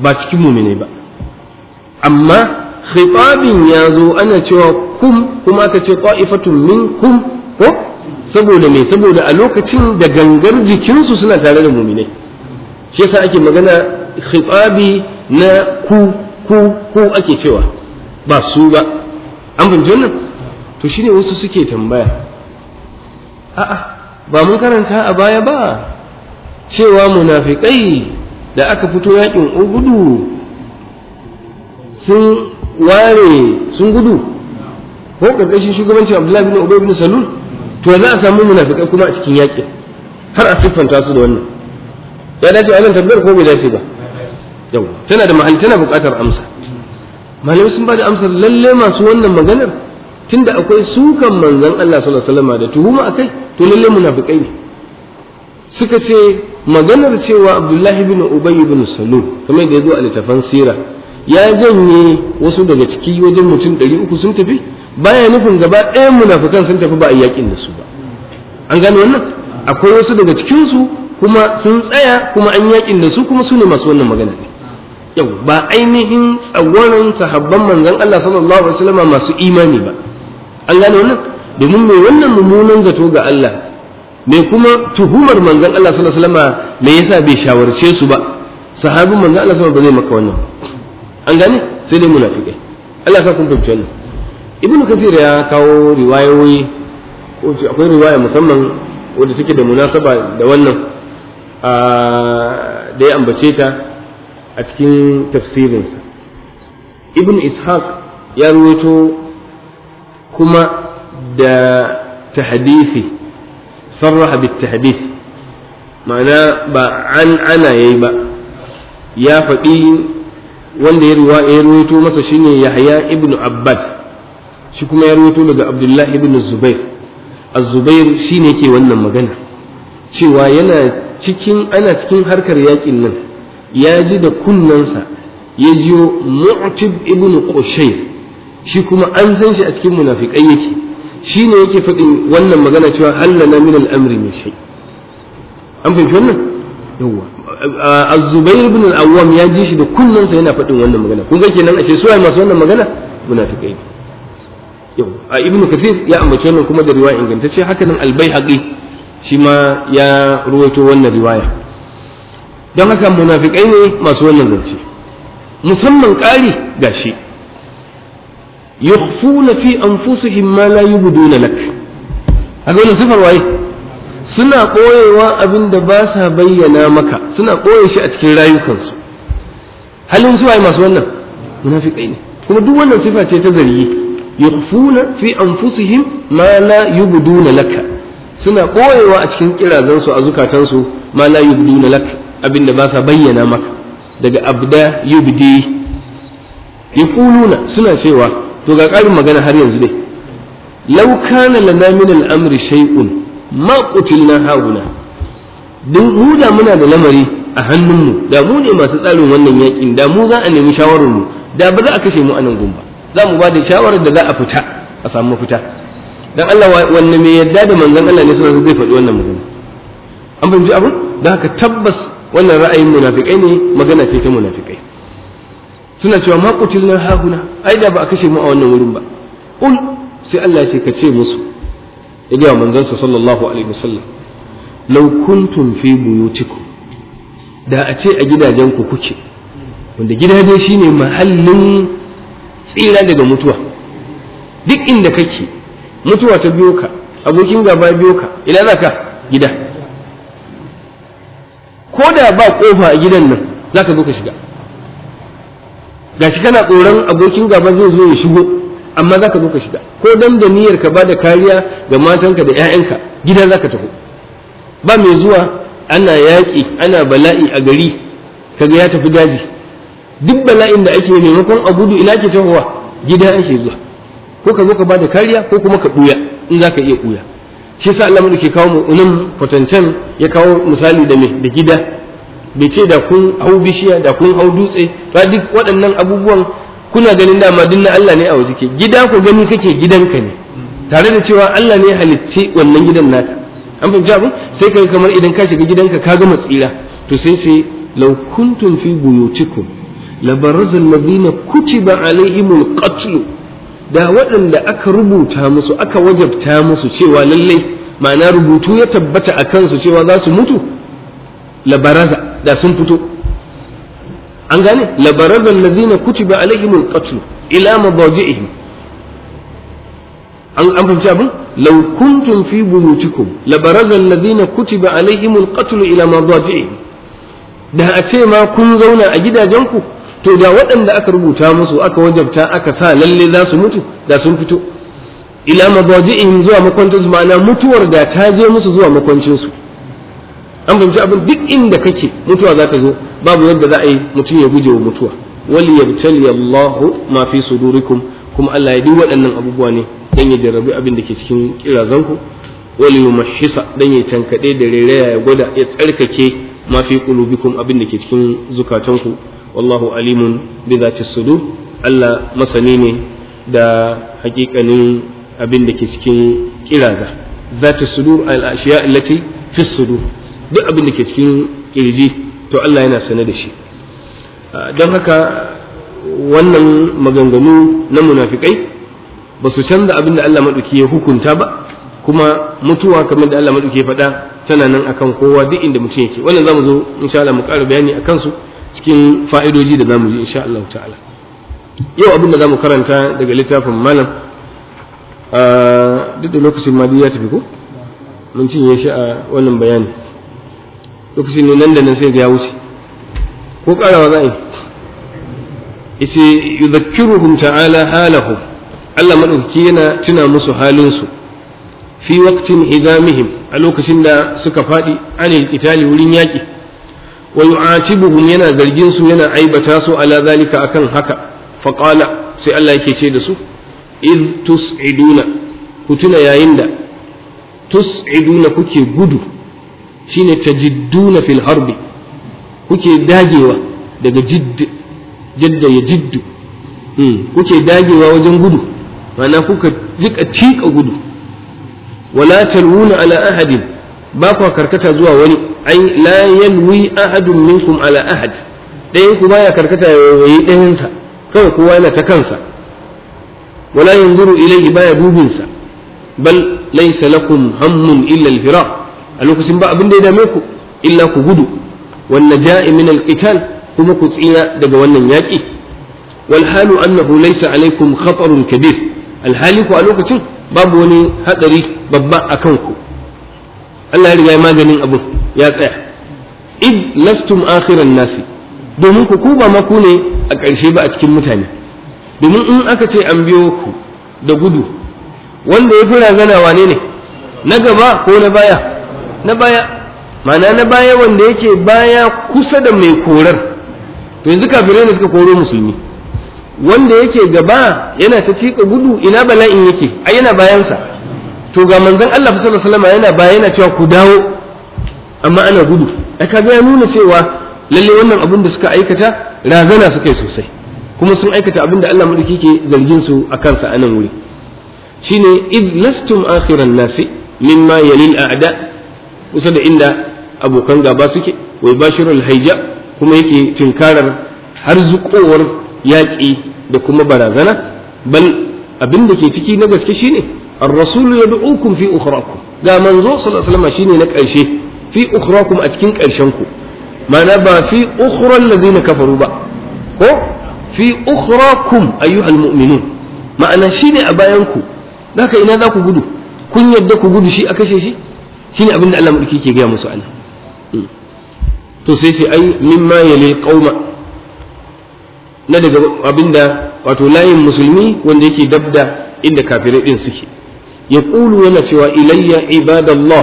ba cikin mumine ba amma khitabin ya zo ana cewa kum kuma aka ce qa'ifatun minkum ko saboda me saboda a lokacin da gangar jikinsu suna tare da muminai shi yasa ake magana khitabi na ku ku ku ake cewa ba su ba an fahimci wannan to shine wasu suke tambaya a'a ba mun karanta a baya ba cewa munafikai da aka fito yakin ugudu sun ware sun gudu ko karkashin shugabancin abdullahi bin ubay bin salul to za a samu munafikai kuma a cikin yakin har a siffanta su da wannan ya dace a nan tabbar ko bai dace ba yau tana da ma'ani tana buƙatar amsa malamai sun bada amsar lalle masu wannan maganar tunda akwai sukan manzon Allah sallallahu alaihi wasallam da tuhuma akai to lalle munafikai ne suka ce maganar cewa Abdullahi ibn Ubay ibn Salul kamar da yazo a littafan sira ya janye wasu daga ciki wajen mutum ɗari sun tafi baya nufin gaba ɗaya munafukan sun tafi ba a yakin da su ba an gane wannan akwai wasu daga cikinsu kuma sun tsaya kuma an yakin da su kuma su ne masu wannan magana yau ba ainihin tsawarin sahabban manzon Allah sallallahu alaihi wasallam masu imani ba an gane wannan domin mai wannan mummunan zato ga Allah mai kuma tuhumar manzon Allah sallallahu alaihi wasallam me yasa bai shawarce su ba sahabin manzon Allah sallallahu alaihi wasallam ba zai maka wannan an gane sai dai munafikai Allah ya sa kun fahimci wannan ibn kathir ya kawo riwayoyi ko akwai riwaya musamman wadda take da munasaba da wannan ah, da ya ambace ta a cikin tafsirinsa ibn ishaq ya ruwaito kuma da tahdifi sarraha bit ma'ana ba an ana yayi ba ya faɗi wanda ya ruwa ya ruwaito masa shine yahya ibn abbad shi kuma ya ruwaito daga abdullah ibn zubair az-zubair shine yake wannan magana cewa yana cikin ana cikin harkar yaƙin nan ya ji da kunnansa ya jiyo mu'tib ibn qushayr shi kuma an san shi a cikin munafikai yake shi ne yake faɗin wannan magana cewa hallana min Amri min shay an fahimci wannan yawa az-zubair ibn al-awwam ya ji shi da kunnansa yana faɗin wannan magana kun ga kenan ashe su masu wannan magana munafikai yau a ibn kathir ya ambace wannan kuma da riwaya ingantacce haka nan al-baihaqi shi ma ya ruwaito wannan riwaya don haka munafikai ne masu wannan zance musamman ƙari gashi na fi anfusihim ma la na lak ga wannan sufar waye suna koyewa abin da ba sa bayyana maka suna koye shi a cikin rayukansu halin su waye masu wannan munafikai ne kuma duk wannan sifa ce ta zargi yukhfuna fi anfusihim ma la yubduna laka suna koyewa a cikin kirazansu a zukatansu ma la yubduna laka abin da ba sa bayyana maka daga abda yubdi yaquluna suna cewa to ga ƙarin magana har yanzu dai law kana lana min al-amri shay'un ma qutilna hauna dun mu muna da lamari a hannunmu da mu ne masu tsarin wannan yakin da mu za a nemi shawararmu da ba za a kashe mu a nan gumba za mu ba da shawarar da za a fita a samu mafita dan Allah wanne mai yadda da manzon Allah ne sunan zai faɗi wannan magana an fahimci abin da haka tabbas wannan ra'ayin munafikai ne magana ce ta munafikai suna cewa ma qutilna hahuna ai da ba a kashe mu a wannan wurin ba qul sai Allah ce ka ce musu ya ga manzon sa sallallahu alaihi wasallam law kuntum fi buyutikum da a ce a gidajen ku kuke wanda gidaje shine mahallin tsira daga mutuwa duk inda kake mutuwa ta biyo ka abokin gaba biyo ka ina zaka gida ko da ba kofa a gidan nan za ka zo ka shiga Ga shi kana tsoron abokin gaba zai zo ya shigo amma za ka zo ka shiga ko dan da niyyar ka bada kariya ga matanka da 'ya'yanka gida za ka tafi ba mai zuwa ana yaƙi ana bala'i a gari kaga ya tafi daji duk bala'in da ake maimakon a gudu ina ke tafowa gida ake zuwa ko ka zo ka bada kariya ko kuma ka ɓuya in za ka iya ɓuya shi sa Allah ke kawo mu nan potential ya kawo misali da me da gida bai ce da kun hau bishiya da kun hau dutse ba duk waɗannan abubuwan kuna ganin dama duk na Allah ne a waje ke gida ko gani kake gidanka ne tare da cewa Allah ne ya halicce wannan gidan naka an fahimci abin sai kai kamar idan ka shiga gidanka ka gama tsira to sai sai law kuntum fi buyutikum labarazal ladina kutiba alaihimul qatlu da waɗanda aka rubuta musu aka wajabta musu cewa lallai ma'ana rubutu ya tabbata a kansu cewa za su mutu labaraza da sun fito an gane labaraza allazina kutiba alaihimul qatl ila mabawji'ihim an an fahimci abin law kuntum fi buyutikum labaraza allazina kutiba alaihimul qatl ila mabawji'ihim da a ce ma kun zauna a gidajenku to da waɗanda aka rubuta musu aka wajabta aka sa lalle za su mutu da sun fito ila mabaji'in zuwa makwancin su ma'ana mutuwar da ta je musu zuwa makwancin su an fahimci abin duk inda kake mutuwa za ta zo babu yadda za a yi mutum ya guje wa mutuwa wali yabtali Allahu ma fi sudurikum kuma Allah ya duk waɗannan abubuwa ne dan ya jarrabi abin da ke cikin kirazanku wali yumahhisa dan ya tankade da rereya ya gwada ya tsarkake ma fi qulubikum abin da ke cikin zukatanku wallahu alimun bi zati sudur Allah masani ne da hakikanin abin da ke cikin kiraza zati sudur al ashiya allati fi sudur duk abin da ke cikin to Allah yana sane da shi ah, don haka wannan maganganu na munafikai ba su canza abin da Allah maɗauki ya hukunta ba kuma mutuwa kamar da Allah maɗauki ya faɗa tana nan akan kowa duk inda mutum yake wannan zamu zo insha Allah mu ƙara bayani akan su cikin fa'idoji da zamu ji insha Allah ta'ala yau abin da zamu karanta daga littafin malam duk da lokacin ma ya tafi ko mun cinye shi a wannan bayani lokacin ne nan da nan sai ya wuce ko karawa za a yi yi. zakiru hun ta'ala halahu Allah maɗauki yana tuna musu halinsu fi waktin idamihim a lokacin da suka fadi anil qitali wurin yaƙi wa yu'atibuhum yana zargin su yana aibata su ala zalika akan haka faƙala sai Allah yake ce da su in tus'iduna ku tuna yayin da tus'iduna kuke gudu shine kuke dagewa daga jidd jadda ya jiddu hmm kuke dagewa wajen gudu ma'ana kuka jika cika gudu wala talwuna ala ahadin ba kwa karkata zuwa wani ai la yalwi ahadun minkum ala ahad ku baya karkata ya yayi ɗayansa kawai kowa yana ta kansa wala yanzuru ilayhi baya dubinsa bal laysa lakum hammun illa al'fira a lokacin ba abin da ya dame ku illa ku gudu wan najai min al kuma ku tsira daga wannan yaki wal halu annahu laysa alaykum khatarun kabir alhaliku a lokacin babu wani hadari babba akan ku Allah ya riga ya maganin abin ya tsaya id lastum akhiran nasi domin ku ba ma ku ne a ƙarshe ba a cikin mutane domin in aka ce an biyo ku da gudu wanda ya fi razana wane ne na gaba ko na baya na baya ma'ana na baya wanda yake baya kusa da mai korar to yanzu kafirai ne suka koro musulmi wanda yake gaba yana ta tika gudu ina bala'in yake ai yana bayansa to ga manzon Allah sallallahu alaihi yana ba yana cewa ku dawo amma ana gudu ai kaga ya nuna cewa lalle wannan abin da suka aikata razana suka yi sosai kuma sun aikata abin da Allah madaki ke zargin su a kansa a wuri shine id lastum akhiran nasi mimma yalil a'da kusa da inda abokan gaba suke wai bashirul haija kuma yake tinkarar har zukowar yaƙi da kuma barazana bal abin da ke ciki na gaske shine ar-rasul yad'ukum fi ukhrakum ga manzo sallallahu alaihi shine na karshe fi ukhrakum a cikin karshen ku ma'ana ba fi ukhra allazina kafaru ba ko fi ukhrakum ayyuhal mu'minun ma'ana shine a bayan ku haka ina za ku gudu kun yadda ku gudu shi a kashe shi shine abin da Allah mulki ke gaya musu to sai sai ai mimma yali na daga abinda wato layin musulmi wanda yake dabda inda kafirai din suke ya ƙulu yana cewa ilayya ibadallah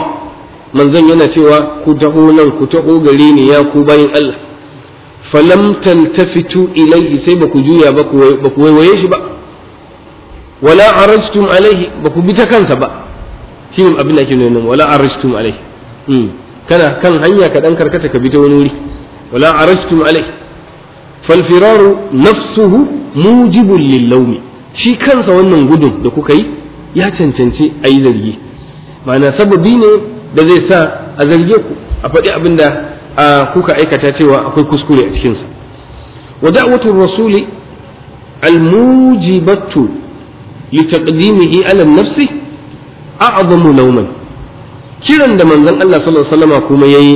manzon yana cewa ku taho nan ku taho gare ni ya ku bayin Allah falam tantafitu ilayhi sai ba ku juya ba ku waiwaye shi ba wala arastum alaihi ba ku bi ta kansa ba shi abin da ake nuna wala arastum alaihi kana kan hanya ka dan karkata ka bi ta wani wuri wala arastum alaihi falfiraru nafsuhu mujibun lillawmi shi kansa wannan gudun da kuka yi ya cancanci a yi zargi ma'ana sababi ne da zai sa a zarge ku a faɗi abin da kuka aikata cewa akwai kuskure a cikinsa wa da'watul rasuli al-mujibatu li taqdimihi ala nafsi a'zamu nauman kiran da manzon Allah sallallahu alaihi wasallam kuma yayi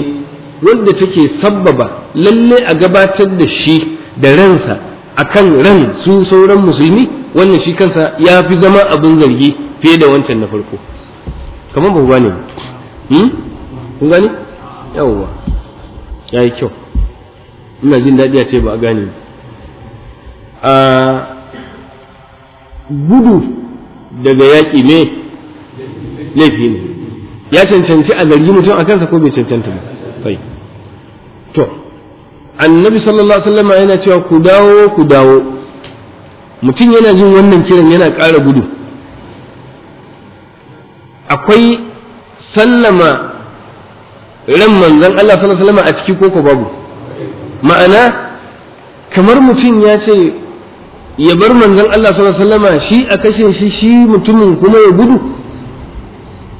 wanda take sababa lalle a gabatar da shi da ransa akan ran su sauran musulmi wannan shi kansa ya fi zama abin zargi fiye da wancan na farko kamar ba ku gane hmm kun gane yawwa kyau ina jin daɗi a ce ba a gane a gudu daga yaƙi ne laifi ne ya cancanci a zargi mutum a kansa ko bai cancanta ba kai to annabi sallallahu alaihi wasallam yana cewa ku dawo ku dawo mutum yana jin wannan kiran yana ƙara gudu akwai sallama ran manzon Allah sallallahu alaihi wasallam a ciki koko babu ma'ana kamar mutum ya ce ya bar manzon Allah sallallahu alaihi wasallam shi a kashe shi shi mutumin kuma ya gudu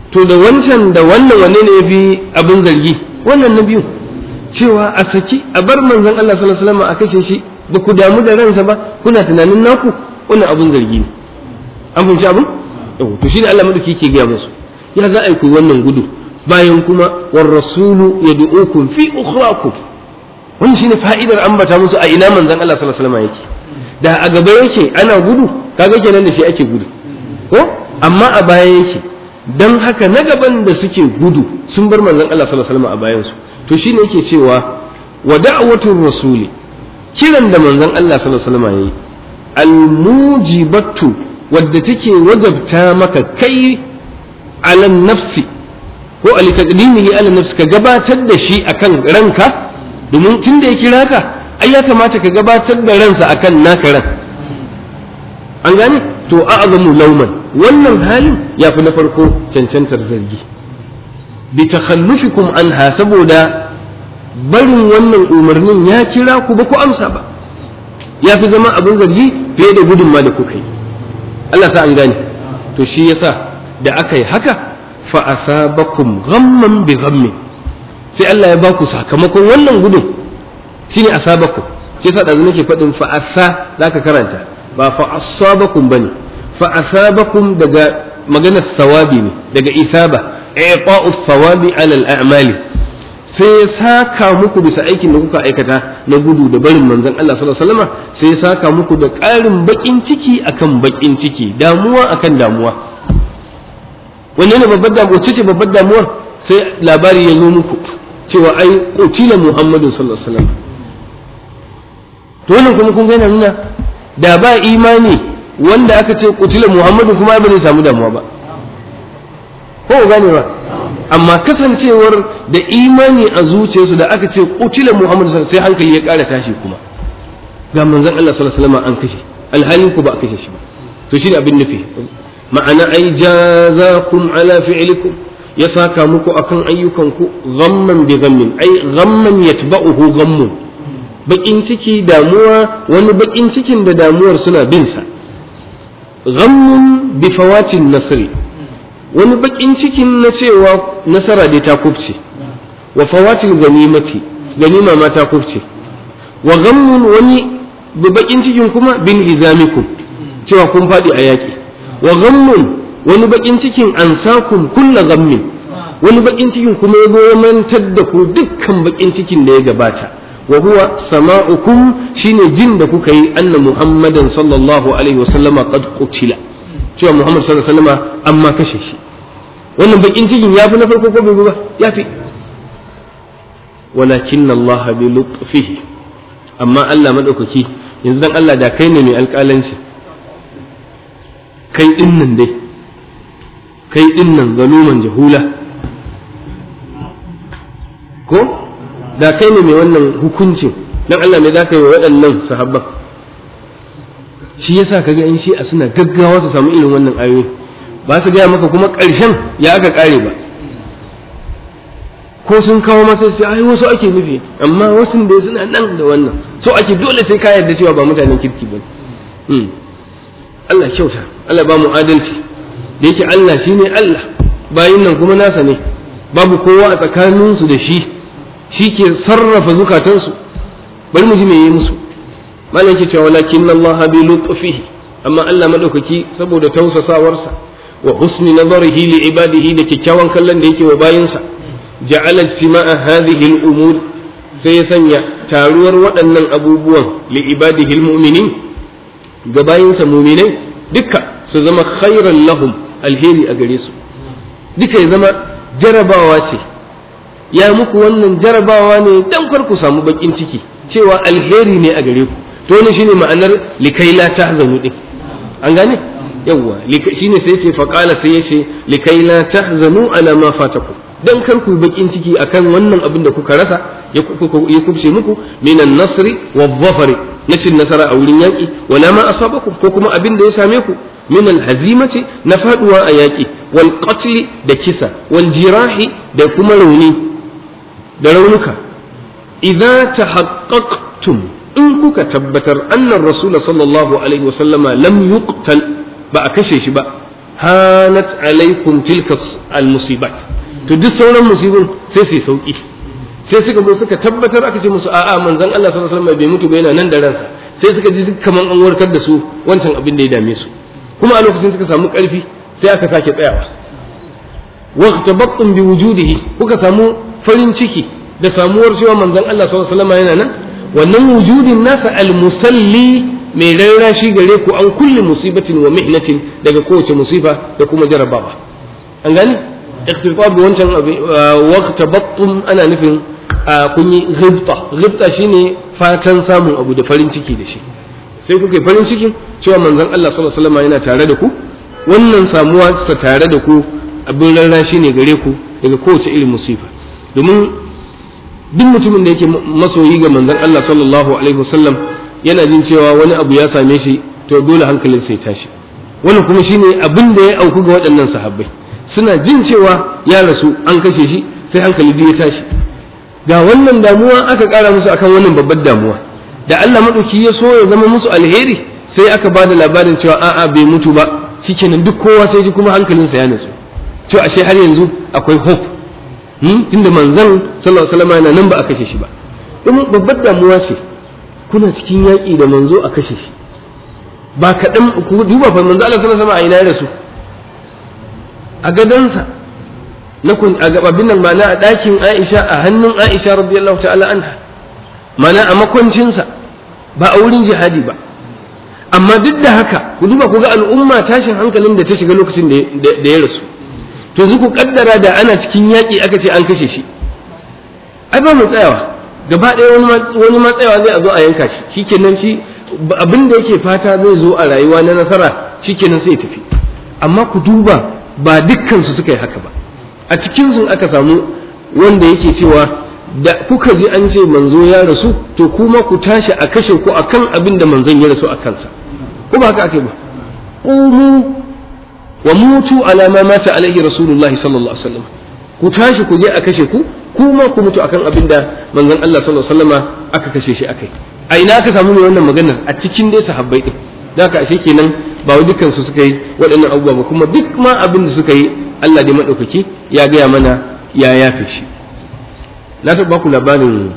to da wancan da wannan wanne ne yafi abin zargi wannan na biyu cewa a saki a bar manzon Allah sallallahu alaihi wasallam a kashe shi ba ku damu da ransa ba kuna tunanin naku wannan abin zargi ne an fahimci abin to shine Allah madauki yake gaya musu ya za a yi ku wannan gudu bayan kuma war rasulu yad'ukum fi ukhrakum wannan shine fa'idar ambata musu a ina manzon Allah sallallahu alaihi yake da a gaba yake ana gudu kaga kenan da shi ake gudu ko amma a baya yake dan haka na gaban da suke gudu sun bar manzon Allah sallallahu alaihi a bayan su to shine yake cewa wa da'watur rasuli kiran da manzon Allah sallallahu alaihi yayi al mujibatu wadda take wajabta maka kai alan nafsi ko ali taqdimihi ala nafsi ka gabatar da shi akan ranka domin tunda ya kira ka ai ya kamata ka gabatar da ransa akan naka ran an gane to a'zamu lauman wannan halin ya fi na farko cancantar zargi bi takhallufikum anha saboda barin wannan umarnin ya kira ku ba ku amsa ba ya fi zama abin zargi fiye da gudunma da kuka yi Allah sa an gane to shi yasa da aka yi haka fa asabakum ghamman bi ghammin sai Allah ya baku sakamakon wannan gudun shine asabakum shi yasa dazu nake fadin fa asa zaka karanta ba fa asabakum bane fa asabakum daga maganar sawabi ne daga isaba iqa'u sawabi ala al-a'mali sai ya saka muku bisa aikin da kuka aikata na gudu da barin manzon Allah sallallahu alaihi wasallam sai ya saka muku da ƙarin bakin ciki akan bakin ciki damuwa akan damuwa wannan ne babbar damuwa ce babbar damuwar sai labari ya zo muku cewa ai Kutila Muhammadu sallallahu alaihi wasallam to wannan kuma kun ga yana nuna da ba imani wanda aka ce Kutila Muhammadu kuma ba zai samu damuwa ba ko gane ba amma kasancewar da imani a zuciyarsu da aka ce kutila muhammadu sai hankali ya ƙara tashi kuma ga manzon Allah sallallahu alaihi wasallam an kashe alhalin ku ba a kashe shi ba to shine abin nufi ma'ana ai jazakum ala fi'likum ya saka muku akan ku, ghamman bi ghammin ai ghamman yatba'uhu ghammun bakin ciki damuwa wani bakin cikin da damuwar suna bin sa ghammun bi fawatin nasri wani bakin cikin na cewa nasara dai ta kufce wa fawatil ganimati ganima ma ta kufce wa ghammun wani bakin cikin kuma bin izamikum cewa kun fadi a yaki wa ghammun wani bakin cikin ansakum kulla ghammin wani bakin cikin kuma ya mantar da ku dukkan bakin cikin da ya gabata wa huwa sama'ukum shine jin da kuka yi anna muhammadan sallallahu alaihi wasallama qad qutila cewa Muhammad sallallahu alaihi wasallam amma kashe shi wannan bakin cikin ya fi na farko ko bai ba ya fi walakin Allah bi lutfihi amma Allah madaukaki yanzu dan Allah da kai ne mai alƙalanci kai din nan dai kai din nan zaluman jahula ko da kai ne mai wannan hukuncin dan Allah ne za yi waɗannan sahabban shi yasa kaga in shi'a suna gaggawa su samu irin wannan ayoyi ba su gaya maka kuma ƙarshen ya aka ƙare ba ko sun kawo masa sai ai wasu ake nufi amma wasu da suna nan da wannan so ake dole sai ka yarda cewa ba mutanen kirki ba hmm. Allah kyauta Allah ba mu adalci da yake Allah shine Allah bayin nan kuma nasa ne babu kowa a tsakaninsu da shi shi ke sarrafa zukatansu bari mu ji me yi musu malam ke cewa walakin Allah bi lutfihi amma Allah madaukaki saboda tausasawarsa wa husni nazarihi li ibadihi da kyakkyawan kallon da yake wa bayinsa ja'ala istima'a hadhihi al-umur sai ya sanya taruwar waɗannan abubuwan li ibadihi al-mu'minin ga bayinsa mu'minai duka su zama khairan lahum alheri a gare su duka ya zama jarabawa ce ya muku wannan jarabawa ne dan ku samu bakin ciki cewa alheri ne a gare ku to ne shine ma'anar likai la hazanu din an gane yawwa shine sai ce faqala sai ce likai la hazanu ala ma fataku dan kar ku bakin ciki akan wannan abin da kuka rasa ya kubce muku minan nasri wa dhafari na cin nasara a wurin yaƙi wala ma asabaku ko kuma abin da ya same ku min alhazimati na faduwa a yaƙi wal qatli da kisa wal jirahi da kuma rauni da raunuka idza tahaqqaqtum in kuka tabbatar annan rasulullah sallallahu alaihi wasallama lam yuqtal ba a kashe shi ba hanat alaikum tilka almusibat to duk sauran musibin sai sai sauki sai suka zo suka tabbatar aka ce musu a'a manzon Allah sallallahu alaihi wasallam bai mutu ba yana nan da ransa sai suka ji duk kaman an warkar da su wancan abin da ya dame su kuma a lokacin suka samu karfi sai aka sake tsayawa waqtabattum biwujudihi kuka samu farin ciki da samuwar cewa manzon Allah sallallahu alaihi wasallam yana nan wannan wujudin nasa almusalli mai shi gare ku an kulli musibatin wa mihnatin daga kowace musifa da kuma jarabawa an gane bi wancan uh, waqta battum ana nufin uh, kun yi ghibta ghibta shine fatan samun abu da farin ciki da shi sai kuke farin cikin cewa manzon Allah sallallahu alaihi wasallam yana tare da ku wannan samuwa ta tare da ku abin rarrashi ne gare ku daga kowace irin musifa. domin duk mutumin da yake masoyi ga manzon Allah sallallahu alaihi wasallam yana jin cewa wani abu ya same shi to dole hankalin sai tashi Wani kuma shine abin da ya auku ga waɗannan sahabbai suna jin cewa ya rasu an kashe shi sai hankali ya tashi ga wannan damuwa aka ƙara musu akan wannan babbar damuwa da Allah madauki ya so ya zama musu alheri sai aka ba da labarin cewa a'a bai mutu ba shikenan duk kowa sai ji kuma hankalinsa ya nutsu to ashe har yanzu akwai hope tunda hmm? manzon sallallahu alaihi wasallam yana nan ba a kashe shi ba kuma babbar damuwa ce kuna cikin yaƙi da manzo a kashe shi ba kaɗan ku duba fa manzo Allah sallallahu alaihi wasallam a ina ya rasu a gadansa na kun a gababin nan mana a ɗakin Aisha a hannun Aisha radiyallahu ta'ala anha mana a sa ba a wurin jihadi ba amma duk da haka ku duba ku ga al'umma tashin hankalin da ta shiga lokacin da ya rasu to zu ku kaddara da ana cikin yaƙi aka ce an kashe shi ai ba mu tsayawa gaba ɗaya wani ma tsayawa zai a zo a yanka shi nan shi abin da yake fata zai zo a rayuwa na nasara nan sai tafi amma ku duba ba dukkan su suka yi haka ba a cikin su aka samu wanda yake cewa da kuka ji an ce manzo ya rasu to kuma ku tashi a kashe ku akan abin da manzon ya rasu a kansa ko ba haka ake ba wa mutu ala ma mata alaihi rasulullah sallallahu alaihi wasallam ku tashi ku je a kashe ku kuma ku mutu akan abin da manzon Allah sallallahu alaihi aka kashe shi akai a ina aka samu wannan maganar a cikin dai sahabbai din haka ashe kenan ba wai dukkan su suka yi waɗannan abubuwa ba kuma duk ma abin da suka yi Allah dai madaukaki ya gaya mana ya yafe shi na taɓa ba ku labarin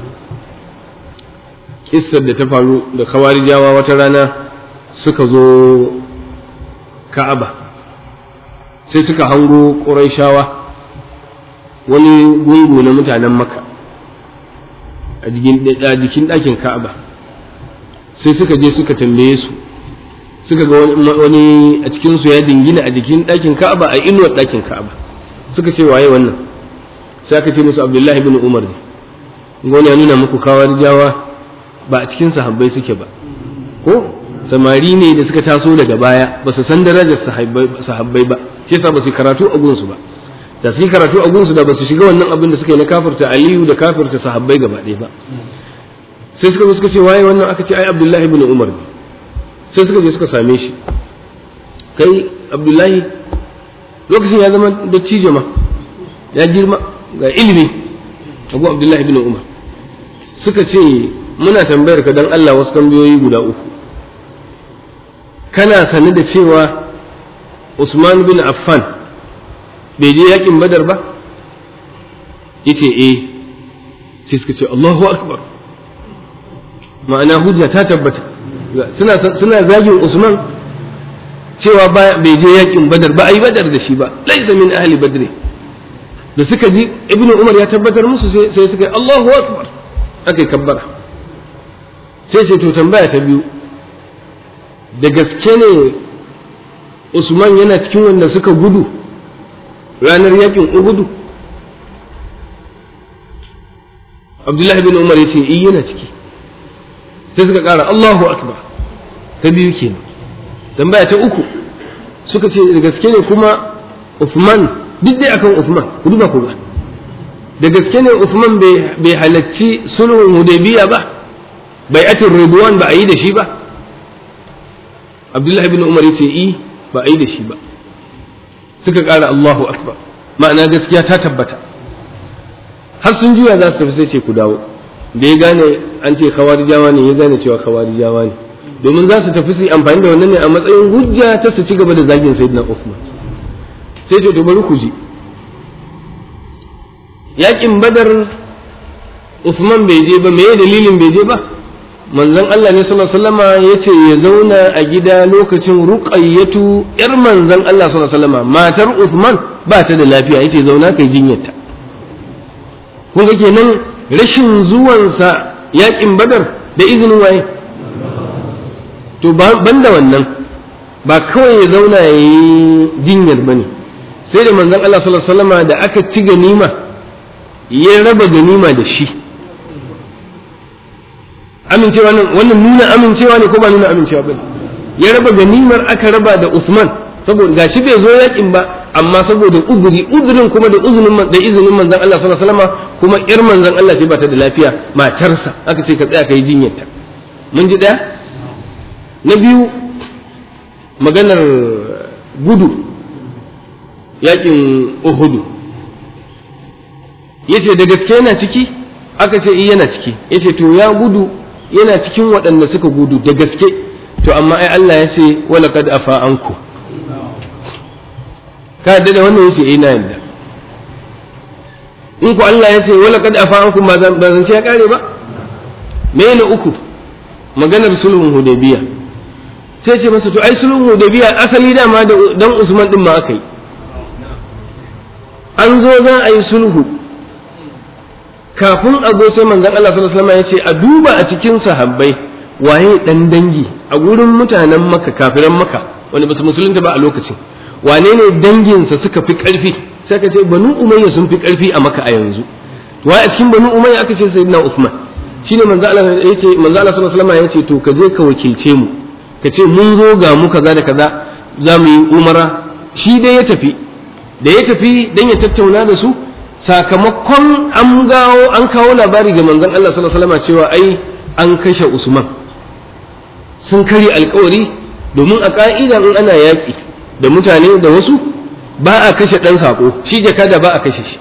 kissar da ta faru da jawa wata rana suka zo ka'aba sai suka hauro ƙuraishawa wani gungu na mutanen maka a jikin ɗakin ka'aba sai suka je suka tambaye su suka ga wani a cikinsu ya dingina a jikin ɗakin ka'aba a inuwar ɗakin ka'aba suka ce waye wannan sai aka ce musu abdullahi bin umar ne wani ya nuna muku kawar jawa ba a cikin sahabbai suke ba ko samari ne da suka taso daga baya ba su san darajar sahabbai ba shi yasa ba su karatu a gunsu ba da su karatu a gunsu da ba su shiga wannan abin da suka yi na kafirta aliyu da kafirta sahabbai gaba ɗaya ba sai suka suka ce waye wannan aka ce ai abdullahi ibn umar ne sai suka je suka same shi kai abdullahi lokacin ya zama da cijama ya girma ga ilimi abu abdullahi ibn umar suka ce muna tambayar ka dan allah wasu tambayoyi guda uku kana sanar da cewa Usman bin Affan bai je yakin Badar ba yace eh sai suka ce Allahu akbar ma'ana hujja ta tabbata suna suna zagin Usman cewa bai je yakin Badar ba ai Badar da shi ba laisa min ahli badri da suka ji ibnu umar ya tabbatar musu sai suka yi allahu akbar aka yi kabbara sai sai to tambaya ta biyu da gaske ne usman yana cikin wanda suka gudu ranar yakin ugudu abdullahi bin umar ya ce iya eh, yana ciki sai suka ƙara allahu akbar ta biyu kenan tambaya ta uku suka ce da gaske ne kuma usman duk dai akan usman ku duba ku ba da gaske ne usman bai halarci sulhun hudaybiya ba bai atin rubuwan ba a yi da shi ba abdullahi ibn umar yace i e, ba yi da shi ba suka ƙara Allahu akbar ma'ana gaskiya ta tabbata har sun juya za su tafi sai ce ku dawo da ya gane an ce khawarijawa ne ya gane cewa khawarijawa ne domin za su tafi su yi amfani da wannan ne a matsayin hujja ta su ci gaba da zagin sayyidina Uthman sai ce to bari ku ji yaƙin badar Uthman bai je ba meye dalilin bai je ba manzon Allah ne sallallahu alaihi ya yace ya zauna a gida lokacin ruqayyatu yar manzon Allah sallallahu alaihi wasallam matar Uthman ba ta da lafiya yace zauna kai jinyarta ko ga kenan rashin zuwan sa yakin Badar da izinin waye to banda wannan ba kawai ya zauna yayi jinyar bane sai da manzon Allah sallallahu alaihi wasallam da aka ci ganima ya raba ganima da shi amincewa nan wannan nuna amincewa ne ko ba nuna amincewa bane ya raba ganimar aka raba da Usman saboda gashi bai zo yakin ba amma saboda uzuri uzurin kuma da uzurin da izinin manzon Allah sallallahu alaihi wasallam kuma man manzon Allah ce ba ta da lafiya matarsa aka ce ka tsaya kai jinyarta mun ji da na biyu maganar gudu yakin Uhudu yace da gaske yana ciki aka ce eh, yana ciki yace to ya gudu yana cikin waɗanda suka gudu da gaske to amma ai Allah ya ce wala kad afa anku ka da da wannan yake ina eh, yadda in ku Allah ya ce wala kad afa anku ba zan ba zan ce ya kare ba me ne uku maganar sulhun hudaybiya sai ce masa to ai sulhun hudaybiya asali dama da dan Usman din ma akai an zo za a yi sulhu kafin a zo sai manzon Allah sallallahu alaihi ya ce a duba a cikin sahabbai waye dan dangi a gurin mutanen maka kafiran maka ba su musulunta ba a lokacin wane ne danginsa suka fi karfi sai ka ce banu umayya sun fi karfi a maka a yanzu wa a cikin banu umayya aka ce sayyidina usman shine manzo Allah ce manzo Allah sallallahu alaihi wasallam ce to ka je ka wakilce mu ka ce mun zo ga mu kaza da kaza za mu yi umara shi dai ya tafi da ya tafi dan ya tattauna da su sakamakon an gawo an kawo labari ga manzon Allah sallallahu alaihi cewa ai an kashe Usman sun kare alkawari domin a ka'ida in ana yaƙi da mutane da wasu ba a kashe ɗan sako shi jaka da ba a kashe shi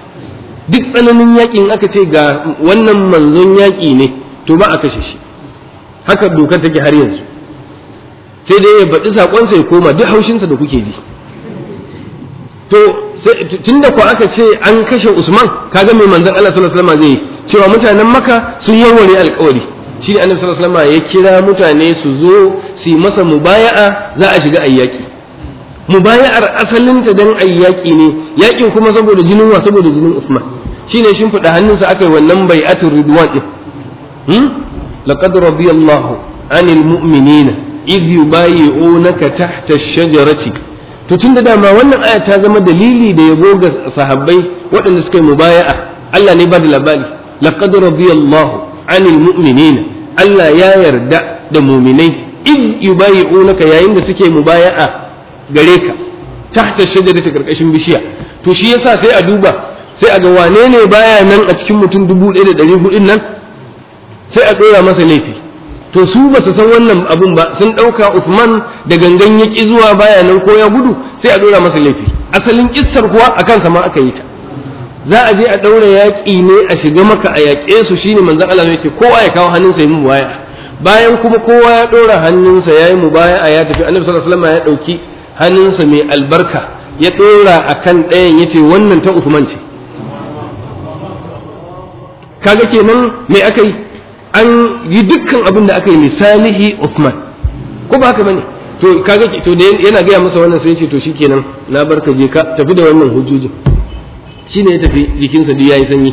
duk tsananin yaƙin aka ce ga wannan manzon yaƙi ne to ba a kashe shi haka dokar take har yanzu sai dai ya baɗi saƙonsa ya koma duk haushinsa da kuke ji to tunda ko aka ce an kashe Usman kaga mai manzon Allah sallallahu alaihi wasallam zai cewa mutanen Makka sun warware alƙawari shi ne Annabi sallallahu alaihi wasallam ya kira mutane su zo su yi masa mubaya'a za a shiga ayyaki mubaya'ar asalinta dan ayyaki ne yakin kuma saboda jinin wa saboda jinin Usman shi ne shin fada hannunsa aka yi wannan bai'atul ridwan din hmm laqad radiyallahu anil mu'minina idh yubayyi'unaka tahta ash-shajarati to tun da dama wannan aya ta zama dalili da yabo ga sahabbai waɗanda suka yi mubaya'a Allah ne ba da labari laqad radiyallahu anil mu'minina Allah ya yarda da mu'minai in yubayi'unaka yayin da suke mubaya'a gare ka tahta shajarati karkashin bishiya to shi yasa sai a duba sai a ga wane ne baya nan a cikin mutum dubu ɗaya da ɗari huɗun nan sai a ɗora masa laifi to su ba su san wannan abun ba sun ɗauka Uthman da gangan ya ƙi zuwa baya nan ko ya gudu sai a ɗora masa laifi asalin kissar kuwa a kansa ma aka yi ta za a je a ɗaura yaƙi ne a shiga maka a yaƙe su shine manzon Allah ne ce kowa ya kawo hannunsa ya mu bayan kuma kowa ya ɗora hannunsa ya yi mu baya a ya tafi annabi sallallahu alaihi wasallam ya ɗauki hannunsa mai albarka ya ɗora a kan ɗayan ya ce wannan ta Uthman ce kaga kenan me aka yi an yi dukkan abin da aka yi misalihi Uthman ko ba haka bane to kaga to da yana gaya masa wannan sai ya ce to shikenan na barka je ka tafi da wannan hujjojin shine ya tafi jikinsa duk yayi sanyi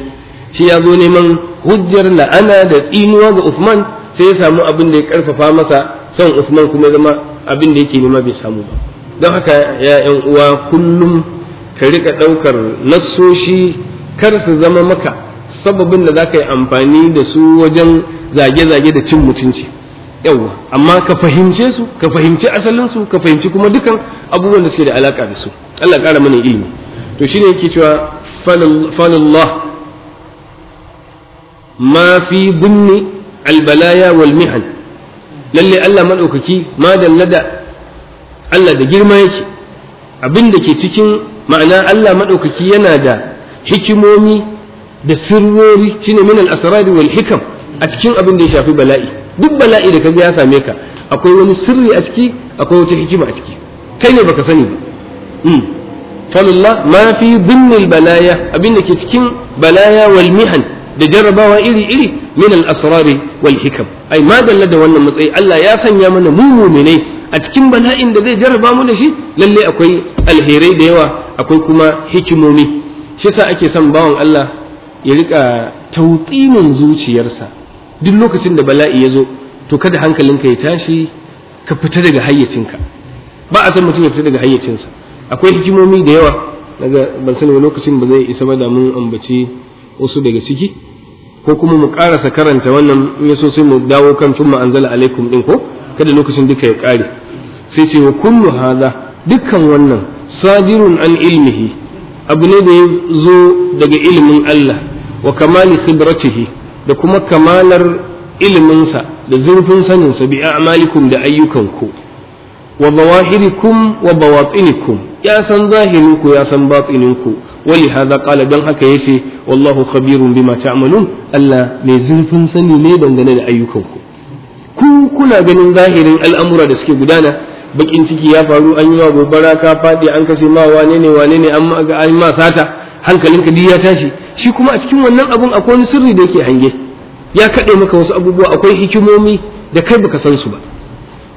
shi ya zo neman hujjar la'ana da tsinuwa ga Uthman sai ya samu abin da ya karfafa masa son Uthman kuma zama abin da yake nema bai samu ba don haka ya yan uwa kullum ka rika daukar nasoshi kar su zama maka Sababin da zaka yi amfani da su wajen zage-zage da cin mutunci yawa amma ka fahimce su ka fahimci asalin su ka fahimci kuma dukan abubuwan da suke da alaka da su Allah ƙara mana ilimi to shine yake cewa falallah ma fi bunni albalaya wal mihan lalle Allah madaukaki ma dallada Allah da girma yake abin da ke cikin ma'ana Allah madaukaki yana da hikimomi da sirrori shine min al asrar wal hikam a cikin abin da ya shafi bala'i duk bala'i da kaga ya same ka akwai wani sirri a ciki akwai wata hikima a ciki kai ne baka sani ba hmm. falillah ma fi dhimmil balaya abin da ke cikin balaya wal mihan da jarrabawa iri iri min al asrar wal hikam ai ma dalla da wannan matsayi Allah ya sanya mana mu mu'minai a cikin bala'in da zai jarraba mu da shi lalle akwai alherai da yawa akwai kuma hikimomi shi yasa ake son bawan Allah ya rika tautsinin zuciyarsa duk lokacin da bala'i ya zo to kada hankalinka ya tashi ka fita daga hayyacinka ba a san mutum ya fita daga hayyacinsa akwai hikimomi da yawa daga ban sani lokacin ba zai isa ba da mun ambaci wasu daga ciki ko kuma mu karasa karanta wannan in yaso sai mu dawo kan tun anzala alaikum din ko kada lokacin duka ya kare sai ce wa kullu hadha dukkan wannan sadirun an ilmihi abu ne da ya zo daga ilimin Allah wa kamali khibratihi da kuma kamalar iliminsa da zurfin saninsa bi a'malikum da ayyukanku wa zawahirikum wa bawatinikum ya san zahirinku ya san batininku wali hadha qala dan haka yace wallahu khabirun bima ta'malun Allah mai zurfin sani ne dangane da ayyukanku ku kuna ganin zahirin al'amura da suke gudana bakin ciki ya faru an yi wa gobara ka faɗi an kashe ma wane ne wane ne an ma sata hankalinka duk ya tashi shi kuma a cikin wannan abun akwai wani sirri da yake hange ya kaɗe maka wasu abubuwa akwai hikimomi da kai baka san su ba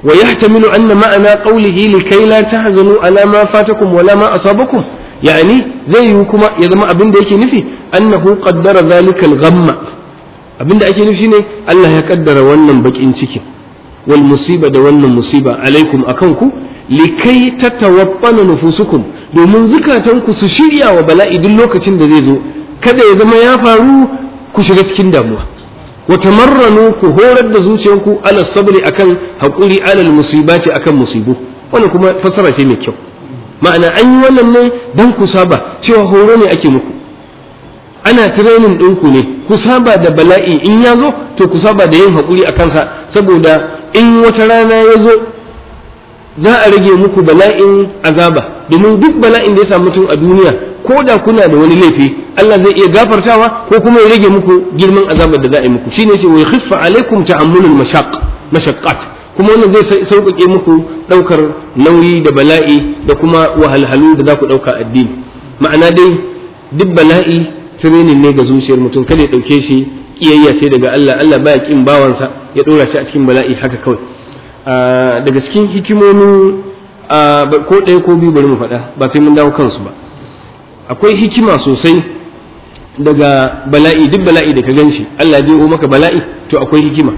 wa yahtamilu anna ma'ana qawlihi likay la tahzanu ala ma fatakum wa la ma asabakum yani zai yiwu kuma ya zama abin da yake nufi annahu qaddara zalika al-ghamma abin da ake nufi shine Allah ya kaddara wannan bakin cikin wal musiba da wannan musiba alaikum akan ku likai tatawaffana nufusukum domin zukatanku su shirya wa bala'i duk lokacin da zai zo kada ya zama ya faru ku shiga cikin damuwa wa tamarranu ku horar da zuciyanku ala sabri akan hakuri alal musibati akan musibu wannan kuma fassara ce mai kyau ma'ana an yi wannan ne dan ku saba cewa horo ne ake muku ana training ɗinku ne ku saba da bala'i in ya zo to ku saba da yin hakuri a sa saboda in wata rana ya zo za a rage muku bala'in azaba domin duk bala'in da ya samu mutum a duniya ko da kuna da wani laifi Allah zai iya gafartawa ko kuma ya rage muku girman azabar da za a yi muku shine ce wa yakhfa alaikum ta'ammulul mashaq mashaqqat kuma wannan zai sauƙaƙe muku ɗaukar nauyi da bala'i da kuma wahalhalu da za ku ɗauka addini ma'ana dai duk bala'i tirenin ne ga zuciyar mutum kada ya ɗauke shi kiyayya sai daga Allah Allah baya kin bawansa ya ɗora shi a cikin bala'i haka kawai daga cikin hikimomin ko ɗaya ko biyu bari mu faɗa ba sai mun dawo kansu ba akwai hikima sosai daga bala'i duk bala'i da ka gan shi Allah ya maka bala'i to akwai hikima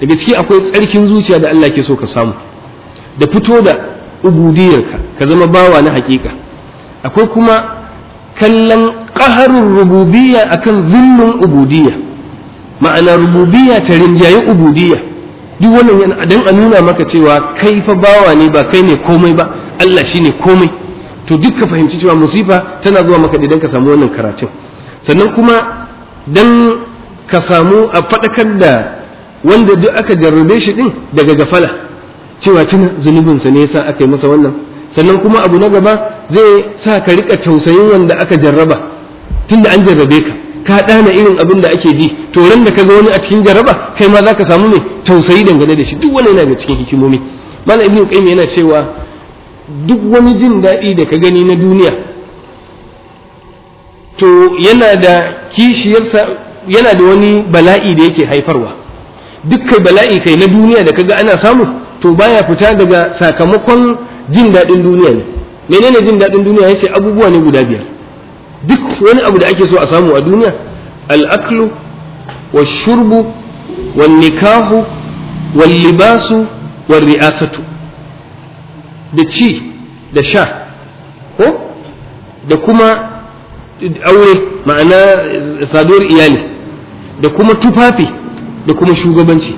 daga ciki akwai tsarkin zuciya da Allah ke so ka samu da fito da ubudiyarka ka zama bawa na hakika akwai kuma kallon ƙaharin rububiyya akan zillin ubudiyya ma'ana rububiya ta rinjaye ubudiyya duk wannan yana dan a nuna maka cewa kai fa bawa ne ba kai ne komai ba Allah shine komai to duk ka fahimci cewa musifa tana zuwa maka idan ka samu wannan karatun sannan kuma dan ka samu a faɗakar da wanda duk aka jarrabe shi din daga gafala cewa tuna zunubinsa ne yasa aka yi masa wannan sannan kuma abu na gaba zai sa ka rika tausayin wanda aka jarraba tunda an jarrabe ka ka dana irin abin da ake ji to ran da kaga wani a cikin jaraba kai ma zaka samu ne tausayi dangane da shi duk wani yana da cikin hikimomi malam ibnu qayyim yana cewa duk wani jin daɗi da ka gani na duniya to yana da kishiyarsa yana da wani bala'i da yake haifarwa dukkan bala'i kai na duniya da kaga ana samu to baya fita daga sakamakon jin daɗin duniya ne menene jin daɗin duniya yace abubuwa ne guda biyar duk wani abu da ake so a samu a duniya al'aklu wa shurbu wa nikahu wa libasu wa ri'asatu da ci da sha ko da kuma aure ma'ana saduwar iyali da kuma tufafi da kuma shugabanci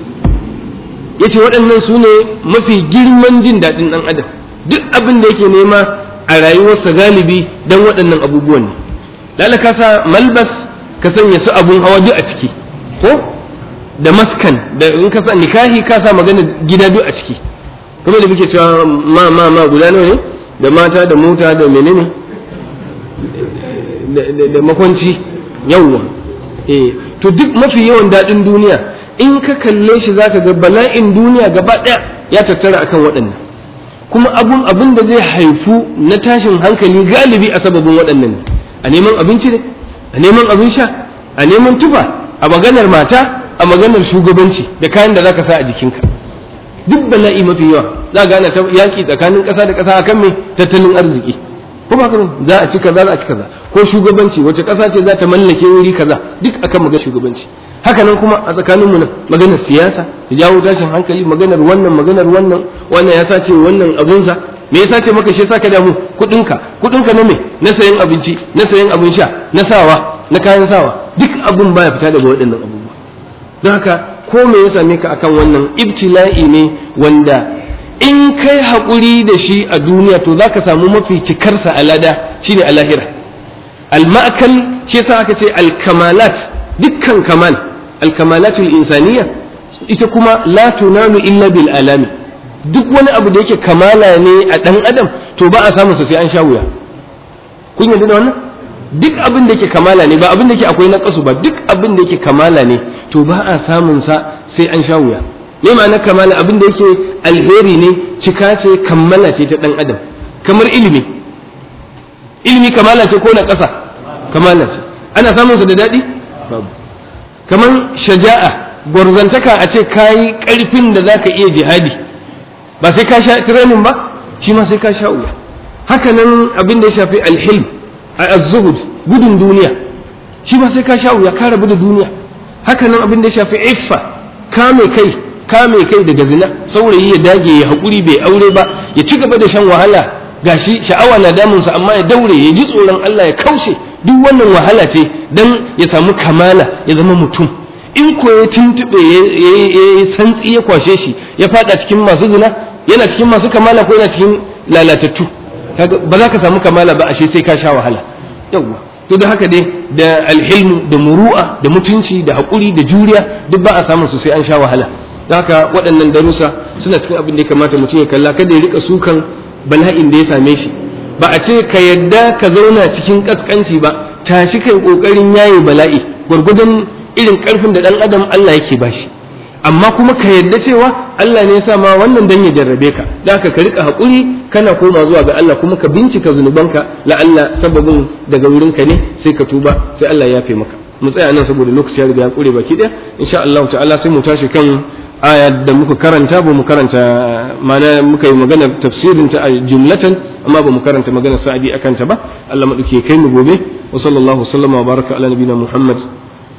ya ce waɗannan su ne mafi girman jin daɗin ɗan adam duk abin da yake nema a rayuwarsa galibi don waɗannan abubuwan ne lalla ka sa malbas ka sanya su abun hawa duk a ciki ko da maskan da in ka sa nikahi ka sa magana gida duk a ciki kamar da muke cewa ma ma ma guda nawa ne da mata da mota da menene da makwanci yawwa eh to duk mafi yawan daɗin duniya in ka kalle shi zaka ga bala'in duniya gaba ɗaya ya tattara akan waɗannan kuma abun abun da zai haifu na tashin hankali galibi a sababin waɗannan a neman abinci ne a neman abin sha a neman tufa a maganar mata a maganar shugabanci da kayan da zaka sa a jikinka duk bala'i mafi yawa za ga ana yaki tsakanin ƙasa da ƙasa akan mai tattalin arziki ko ba za a ci kaza za a ci kaza ko shugabanci wace ƙasa ce za ta mallake wuri kaza duk akan maganar shugabanci haka nan kuma a tsakaninmu nan maganar siyasa ya jawo tashin hankali maganar wannan maganar wannan wannan ya sace wannan abunsa me yasa ce maka shi yasa ka damu kudinka kudinka na me na sayan abinci na sayan abin sha na sawa na kayan sawa duk abun baya fita daga waɗannan abubuwa don haka ko me ya same ka akan wannan ibtila'i ne wanda in kai haƙuri da shi a duniya to za ka samu mafi cikarsa a lada shine a lahira al-ma'akal shi yasa aka ce al-kamalat dukkan kamal al-kamalatul insaniya ita kuma la tunanu illa bil alami duk wani abu da yake kamala ne a ɗan adam to ba a samunsa sai an sha wuya kun yarda da wannan duk abin da yake kamala ne ba abin da yake akwai na ƙasu ba duk abin da yake kamala ne to ba a samun sa sai an sha wuya me ma'ana kamala abin da yake alheri ne cika ce kammala ce ta ɗan adam kamar ilimi ilimi kamala ce ko na ƙasa kamala ce ana samun sa da daɗi babu kamar shaja'a gwarzantaka a ce kayi ƙarfin da zaka iya jihadi ba sai ka sha training ba shi ma sai ka sha uwa haka nan abin da ya shafi alhilm az-zuhud gudun duniya shi ma sai ka sha uwa ka rabu da duniya haka nan abin da ya shafi iffa kame kai kame kai daga zina saurayi ya dage ya hakuri bai aure ba ya ci gaba da shan wahala gashi sha'awa na damunsa amma ya daure ya ji tsoron Allah ya kaushe duk wannan wahala ce dan ya samu kamala ya zama mutum in ko ya tuntuɓe ya santsi ya kwashe shi ya faɗa cikin masu zina yana cikin masu kamala ko yana cikin lalatattu ba za ka samu kamala ba ashe sai ka sha wahala yawwa to da haka dai da alhilmu da muru'a da mutunci da haƙuri da juriya duk ba a samun su sai an sha wahala haka waɗannan darussa suna cikin abin da ya kamata mutum ya kalla kada ya rika sukan bala'in da ya same shi ba a ce ka yadda ka zauna cikin kaskanci ba tashi kai kokarin yaye bala'i gwargwadon irin karfin da dan adam Allah yake bashi amma kuma ka yarda cewa Allah ne ya sa ma wannan dan ya jarrabe ka da ka ka rika hakuri kana koma zuwa ga Allah kuma ka bincika zunubanka la Allah sababin daga wurin ka ne sai ka tuba sai Allah ya yafe maka mu tsaya nan saboda lokaci ya riga ya kure baki daya insha Allah ta'ala sai mu tashi kan aya da muka karanta ba mu karanta ma'ana muka yi magana tafsirin ta jumlatan amma ba mu karanta magana sa'adi akan ta ba Allah madauke kai mu gobe wa sallallahu sallama wa baraka ala nabina Muhammad